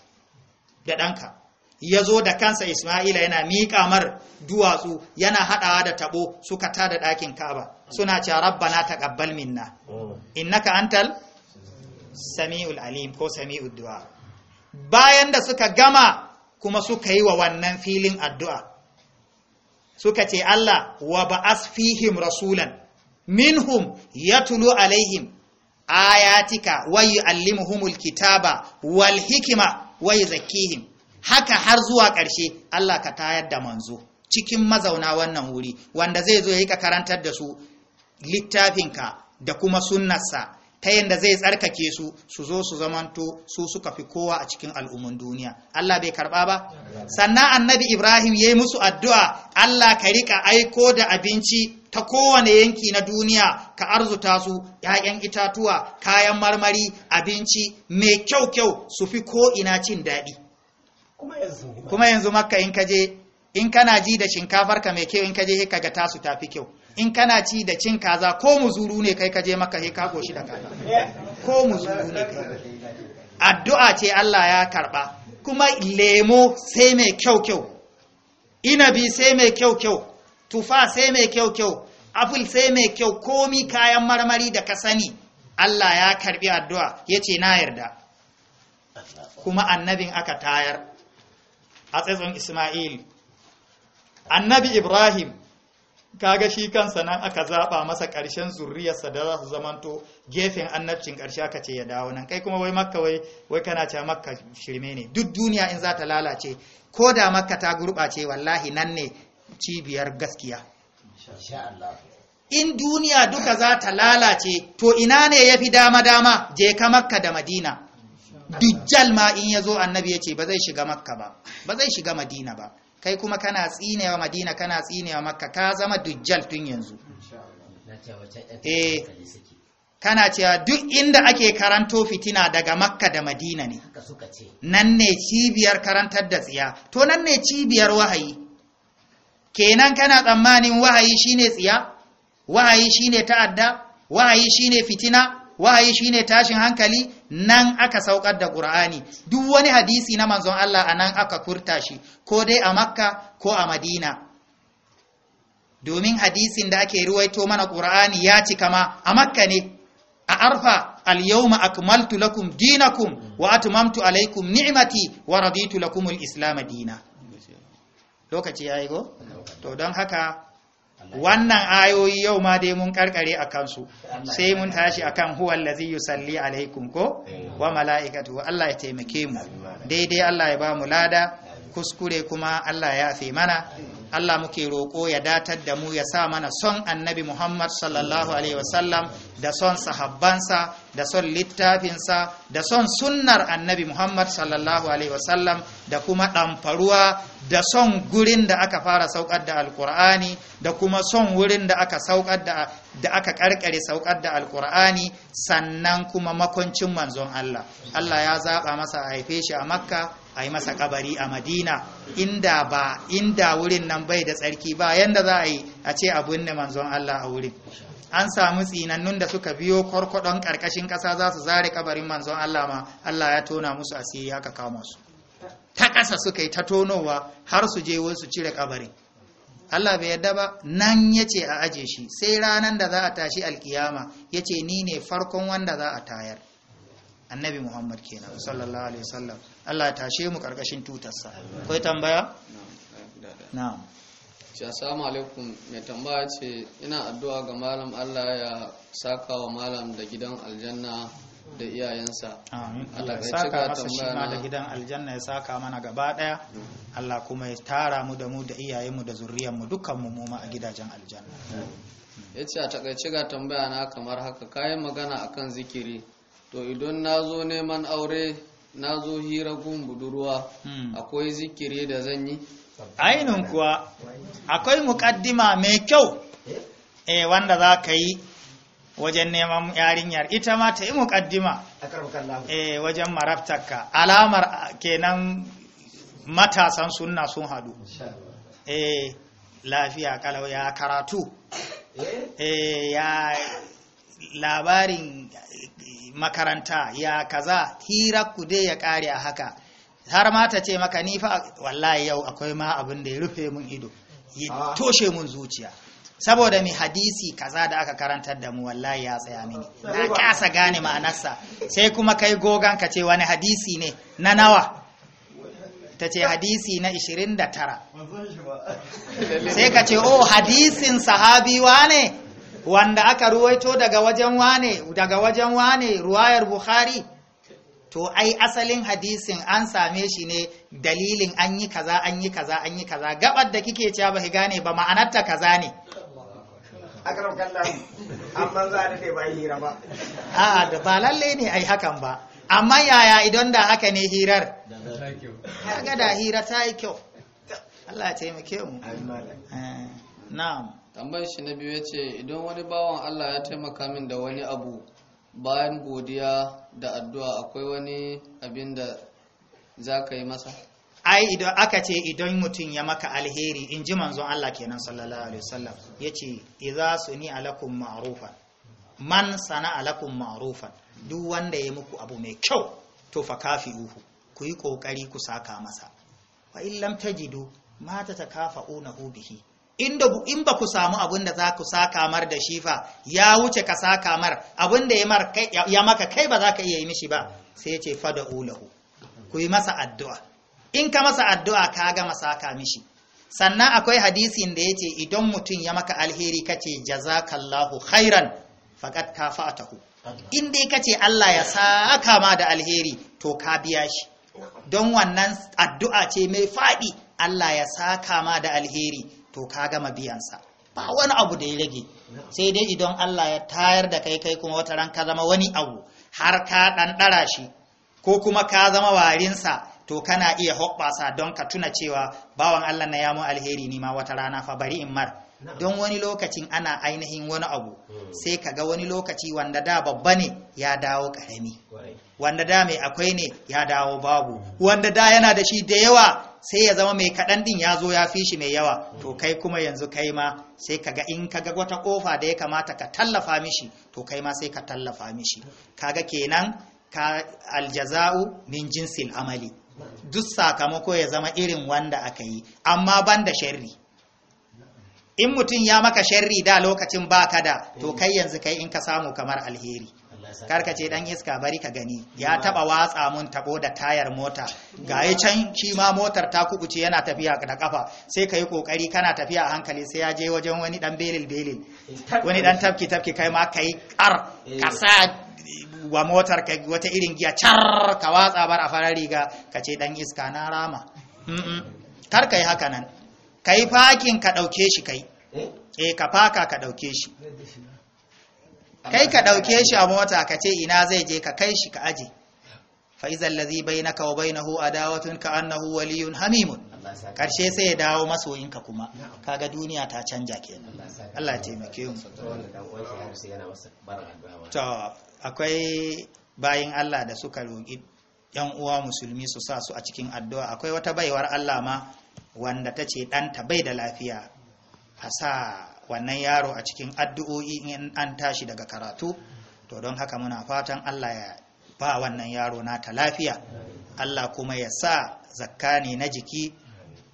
da ɗanka ya zo da kansa Ismaila yana miƙa mar duwatsu yana haɗawa da taɓo suka ta da ɗakin Kaba suna ce rabbana ƙabbal minna innaka antal sami'ul alim ko sami'ud du'a bayan da suka gama kuma suka yi wa wannan filin addu'a suka ce Allah wa ba'as fihim rasulan minhum ya yatlu alaihim ayatika wa yu'allimuhumul kitaba wal hikima wa yuzakkihim haka har zuwa ƙarshe Allah ka tayar da manzo cikin mazauna wannan wuri wanda zai zo ya yi ka karantar da su littafinka da kuma sunnarsa ta yadda zai tsarkake su su zo su zamanto su suka fi kowa a cikin al'umman duniya Allah bai karba ba sannan annabi Ibrahim ya yi musu addu'a Allah ka rika aiko da abinci ta kowane yanki na duniya ka arzuta su ‘ya'yan itatuwa kayan marmari abinci mai kyau kyau su fi ko ina cin daɗi kuma yanzu makka in kaje in kana ji da shinkafarka mai kyau in kaje ka ga tasu tafi kyau in kana ci da cin kaza ko muzuru ne kai ka maka he ka goshi da kaza ko muzuru ne kai addu'a ce Allah ya karba kuma lemo sai mai kyau kyau inabi sai mai kyau kyau tufa sai mai kyau kyau apple sai mai kyau komi kayan marmari da ka sani Allah ya karbi addu'a yace na yarda kuma annabin aka tayar a tsatson Isma'il annabi Ibrahim kaga shi kansa nan aka zaba masa ƙarshen zurriyarsa da za su zamanto gefen annabcin ƙarshe aka ce ya dawo nan kai kuma wai makka wai wai kana cewa makka shirme ne duk duniya in za ta lalace ko da makka ta gurɓace wallahi nan ne cibiyar gaskiya in duniya duka za ta lalace to ina ne ya fi dama dama je ka makka da madina dujjal ma in ya zo annabi ya ce ba zai shiga makka ba ba zai shiga madina ba kai kuma kana tsinewa madina kana tsinewa makka ka zama dujjal tun yanzu eh. kana cewa duk inda ake karanto fitina daga makka da madina ne nan ne cibiyar karantar da tsiya to nan ne cibiyar wahayi kenan kana tsammanin wahayi shine tsiya wahayi shine ta'adda wahayi shine fitina wahayi shine tashin hankali nan aka saukar da Qur'ani duk wani hadisi na manzon Allah a nan aka kurta shi ko dai a Makka ko a Madina domin hadisin da ake ruwaito mana Qur'ani ya cika ma a Makka ne a Arfa al-yawma akmaltu lakum dinakum wa atmamtu alaykum ni'mati wa raditu lakum al-islam dina lokaci yayi go to don haka wannan ayoyi yau ma dai mun karkare a kansu sai mun tashi a akan huwa allazi yusalli alaikum ko eh. wa Malaikatu. Allah ya taimake mu daidai Allah ya ba mu lada kuskure kuma Allah ya fi mana Allah muke roƙo ya datar da mu ya sa mana son annabi Muhammad sallallahu alaihi wasallam da son sahabbansa da son littafinsa da son sunnar annabi Muhammad sallallahu alaihi wasallam da kuma ɗamfaruwa da son gurin da aka fara saukar da alkur'ani da kuma son wurin da aka saukar da da aka karkare saukar da alkur'ani sannan kuma makoncin manzon Allah Allah ya zaba masa a haife shi a makka a yi masa kabari a madina inda ba inda wurin nan bai da tsarki ba yanda za a yi a ce a binne manzon Allah a wurin an samu tsinannun da suka biyo kwarkwadon karkashin kasa za su zare kabarin manzon Allah ma Allah ya tona musu asiri haka kama su ta ƙasa suka yi ta tonowa har su je su cire kabarin Allah bai yadda ba nan ya ce a aje shi sai ranar da za a tashi alkiyama ya ce ni ne farkon wanda za a tayar annabi muhammad kenan sallallahu alaihi wasallam Allah ya tashe mu ƙarƙashin tutarsa kai tambaya na'am shi assalamu alaikum mai tambaya ce ina addu'a ga malam Allah ya saka wa malam da gidan aljanna da iyayensa Allah ya saka masa shi ma da gidan aljanna ya saka mana gaba daya Allah kuma ya tara mu da mu da iyayenmu da zuriyarmu dukkan mu mu ma a gidajen aljanna yace a takaice ga tambaya na kamar haka kayan magana akan zikiri to idan nazo neman aure nazo hira gun budurwa hmm. akwai zikiri da zan yi ainun kuwa akwai mukaddima mai kyau eh wanda za ka yi wajen neman yarinyar ita ma ta yi muƙaddima eh, wajen marabtarka alamar ah, kenan matasan sunna sun hadu eh, lafiya kalau ya karatu eh? ya labarin makaranta ya kaza hirar ku dai ya kare a haka har ma ta ce maka ni fa wallahi yau akwai ma abin da ya rufe mun ido ya ah. toshe mun zuciya saboda mi hadisi kaza da aka karantar da mu wallahi ya tsaya mini na kasa gane ma'anarsa sai kuma kai gogan ka ce wani hadisi ne na nawa ta ce hadisi na 29 sai ka ce oh hadisin sahabi wane wanda aka ruwaito daga wajen wane daga wajen wane ruwayar bukhari to ai asalin hadisin an same shi ne dalilin an yi kaza an yi kaza an yi kaza gabar da kike cewa ba ki gane ba ma'anarta kaza ne amma a ba hira ba a da hakan ba amma yaya idan da haka ne hirar Ya ga da hira ta yi kyau Allah ya taimake mu eh, na'am tambayar shi na biyu ce idan wani bawan Allah ya taimaka min da wani abu bayan godiya da addu'a akwai wani abin da za ka yi masa ai idan aka ce idan mutum ya maka alheri in ji manzon Allah kenan sallallahu alaihi wasallam yace idza suni alakum ma'rufan man sana alakum ma'rufan duk wanda ya muku abu mai kyau to fa kafi'uhu ku yi kokari ku saka masa fa illam tajidu ma tatakafa'unahu bihi inda in ba ku samu abin da za ku saka mar da shi fa ya wuce ka saka mar abin da ya maka kai ba za ka iya yi mishi ba sai yace fada ulahu ku yi masa addu'a in ka masa addu'a ka gama saka mishi sannan akwai hadisin da yace idan mutum ya maka alheri kace jazakallahu khairan faqad kafa'atahu in dai kace Allah ya saka ma da alheri to ka biya shi don wannan addu'a ce mai faɗi Allah ya saka ma da alheri to ka gama biyansa ba wani abu da ya rage sai dai idan Allah ya tayar da kai kai kuma wata ran ka zama wani abu har ka ɗanɗara shi ko kuma ka zama warinsa to kana iya hoɓɓasa don ka tuna cewa bawan Allah na ya yamu alheri ne ma wata rana fa bari in mar don wani lokacin ana ainihin wani abu hmm. sai ka ga wani lokaci wanda da babba ne ya dawo karami wanda da mai akwai ne ya dawo babu wanda da yana da shi da yawa sai ya zama mai kaɗan ɗin ya zo ya fi shi mai yawa hmm. to kai kuma yanzu kai ma sai ka ga in ka ga wata kofa da ya kamata ka tallafa mishi to kai ma sai ka tallafa mishi kaga kenan ka aljaza'u min jinsin amali duk sakamako ya zama irin wanda aka yi amma banda sharri in mutum ya maka sharri da lokacin baka da to kai yanzu kai in ka samu kamar alheri karkace dan iska bari ka gani ya taba watsa mun tabo da tayar mota Ga yi can shi ma motar ta kubuce yana tafiya da kafa sai kai kokari kana tafiya a hankali sai ya je wajen wani dan belil belil wani dan tafki tafki kai ma kai ka kasa wa motar ka wata irin giya car ka watsa bar a farar riga ka ce dan iska na rama kar ka yi haka nan ka yi fakin ka ɗauke shi kai eh? eh ka faka ka ɗauke shi kai ka ɗauke shi a mota ka ce ina zai je ka kai shi ka aje fa'izan lazi bai na kawo bai na hu a ka an na waliyun hamimun Karshe sai ya dawo masoyinka kuma kaga duniya ta canja kenan Allah ya taimake mu akwai bayin Allah da suka roƙi yan uwa musulmi su sa su a cikin addu'a akwai wata baiwar Allah ma wanda ta ce ɗanta bai da lafiya a sa wannan yaro a cikin addu'o'i in an tashi daga karatu to don haka muna fatan Allah ya ba wannan yaro na ta lafiya Allah kuma ya sa zakkani na jiki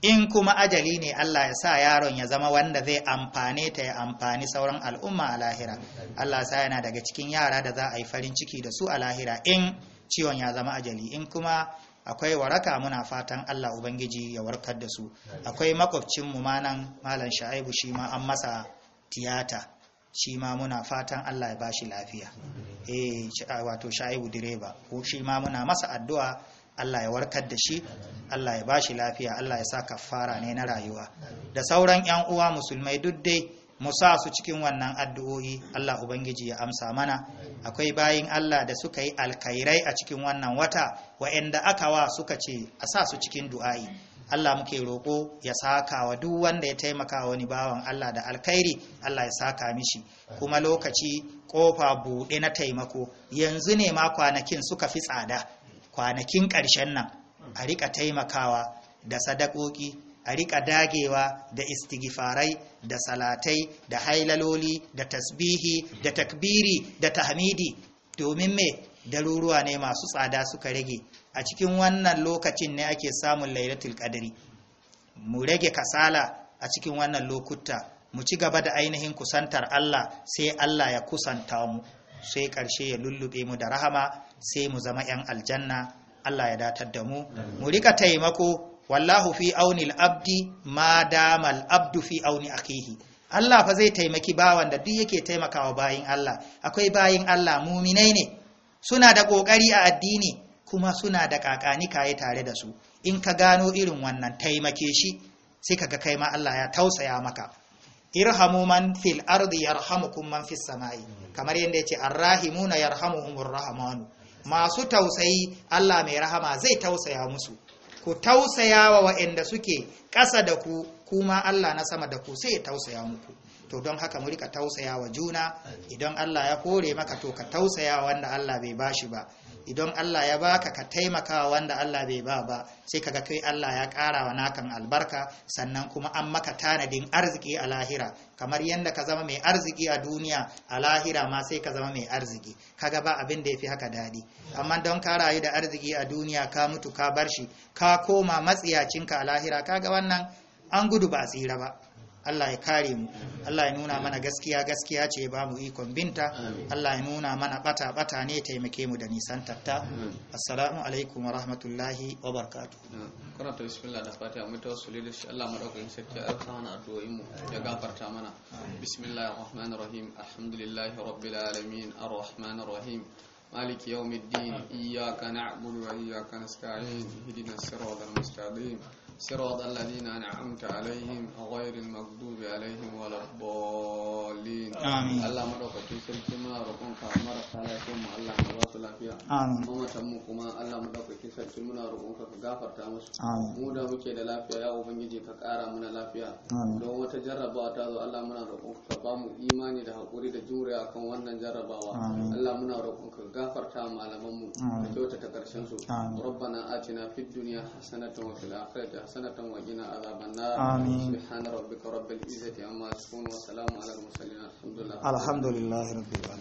in kuma ajali ne Allah ya sa yaron ya zama wanda zai amfane ta ya amfani sauran al'umma a lahira Allah sa yana daga cikin yara da za a yi farin ciki da su a lahira in ciwon ya zama ajali in kuma akwai waraka muna fatan Allah ubangiji ya warkar da su akwai makwabcin mu nan malam Sha'ibu shi ma an masa tiyata shi ma muna fatan Allah ya bashi lafiya eh wato Sha'ibu direba ko shi ma muna masa addu'a Allah ya warkar da shi Allah ya bashi lafiya Allah ya sa kafara ne na rayuwa da sauran ƴan uwa musulmai duk dai mu sa su cikin wannan addu'o'i Allah ubangiji ya amsa mana akwai bayin Allah da suka yi alkairai a cikin wannan wata wa'anda aka wa suka ce a sa su cikin du'a'i Allah muke roƙo ya saka wa duk wanda ya taimaka wani bawan Allah da alkhairi Allah ya saka mishi kuma lokaci kofa buɗe na taimako yanzu ne ma kwanakin suka fi tsada kwanakin ƙarshen nan a riƙa taimakawa da sadakoki a riƙa dagewa da istigifarai da salatai da hailaloli da tasbihi da takbiri da tahmidi domin me daruruwa ne masu tsada suka rage a cikin wannan lokacin ne ake samun lailatul qadri mu rage kasala a cikin wannan lokuta mu ci gaba da ainihin kusantar Allah sai Allah ya kusanta mu sai ƙarshe ya lullube mu da rahama sai mu zama 'yan aljanna Allah ya datar da mu mu rika taimako wallahu fi auni abdi ma dama abdu fi auni akihi Allah fa zai taimaki bawan da duk yake taimakawa bayin Allah akwai bayin Allah muminai ne suna da kokari a addini kuma suna da kakani kaye tare da su in ka gano irin wannan taimake shi sai kaga kai ma Allah ya tausaya maka irhamu man fil ardi yarhamukum man fis samai kamar yadda yace arrahimuna yarhamuhumur rahmanu masu tausayi Allah mai rahama zai tausaya musu ku tausayawa wa waɗanda suke ƙasa da ku kuma Allah na sama da ku sai ya tausaya muku to don haka mu rika tausayawa juna idan Allah ya kore maka to ka tausaya wanda Allah bai bashi ba idan Allah ya baka ka taimaka wanda Allah bai ba ba sai kaga kai Allah ya ƙara wa nakan albarka sannan kuma an maka tanadin arziki a lahira kamar yadda ka zama mai arziki a duniya a lahira ma sai ka zama mai arziki kaga ba abin da ya fi haka daɗi amma don ka rayu da arziki a duniya ka mutu ka bar shi ka koma matsiyacinka a lahira kaga wannan an gudu ba a tsira ba Allah ya kare mu Allah ya nuna mana gaskiya gaskiya ce ba mu ikon binta Allah ya nuna mana bata bata ne taimake mu da nisan tatta assalamu alaikum wa rahmatullahi wa barakatuh ta bismillah da fatiha mu ta da shi Allah madaukakin sarki ya karanta mana addu'o'in mu ya gafarta mana bismillahir rahmanir rahim alhamdulillahi rabbil alamin arrahmanir rahim مالك يوم الدين إياك نعبد وإياك نستعين اهدنا الصراط المستقيم صراط الذين أنعمت عليهم غير المغضوب عليهم ولا الضالين آمين الله مدوك تسر كما ركون كامر خلاكم الله مدوك لافيا آمين كما تمو كما muna مدوك تسر كما ركون كغافر تامس آمين مودا مكي دا يا وبنجي كقارا منا لافيا don wata jarrabawa ta zo Allah muna ka ba imani da hakuri da juriya kan wannan jarrabawa Allah muna roƙon ka gafarta malaman mu da kyautata karshen su rabbana atina fid dunya hasanatan wa حسنة وقنا عذاب النار آمين سبحان ربك رب العزة عما يصفون وسلام على المرسلين الحمد لله الحمد لله رب العالمين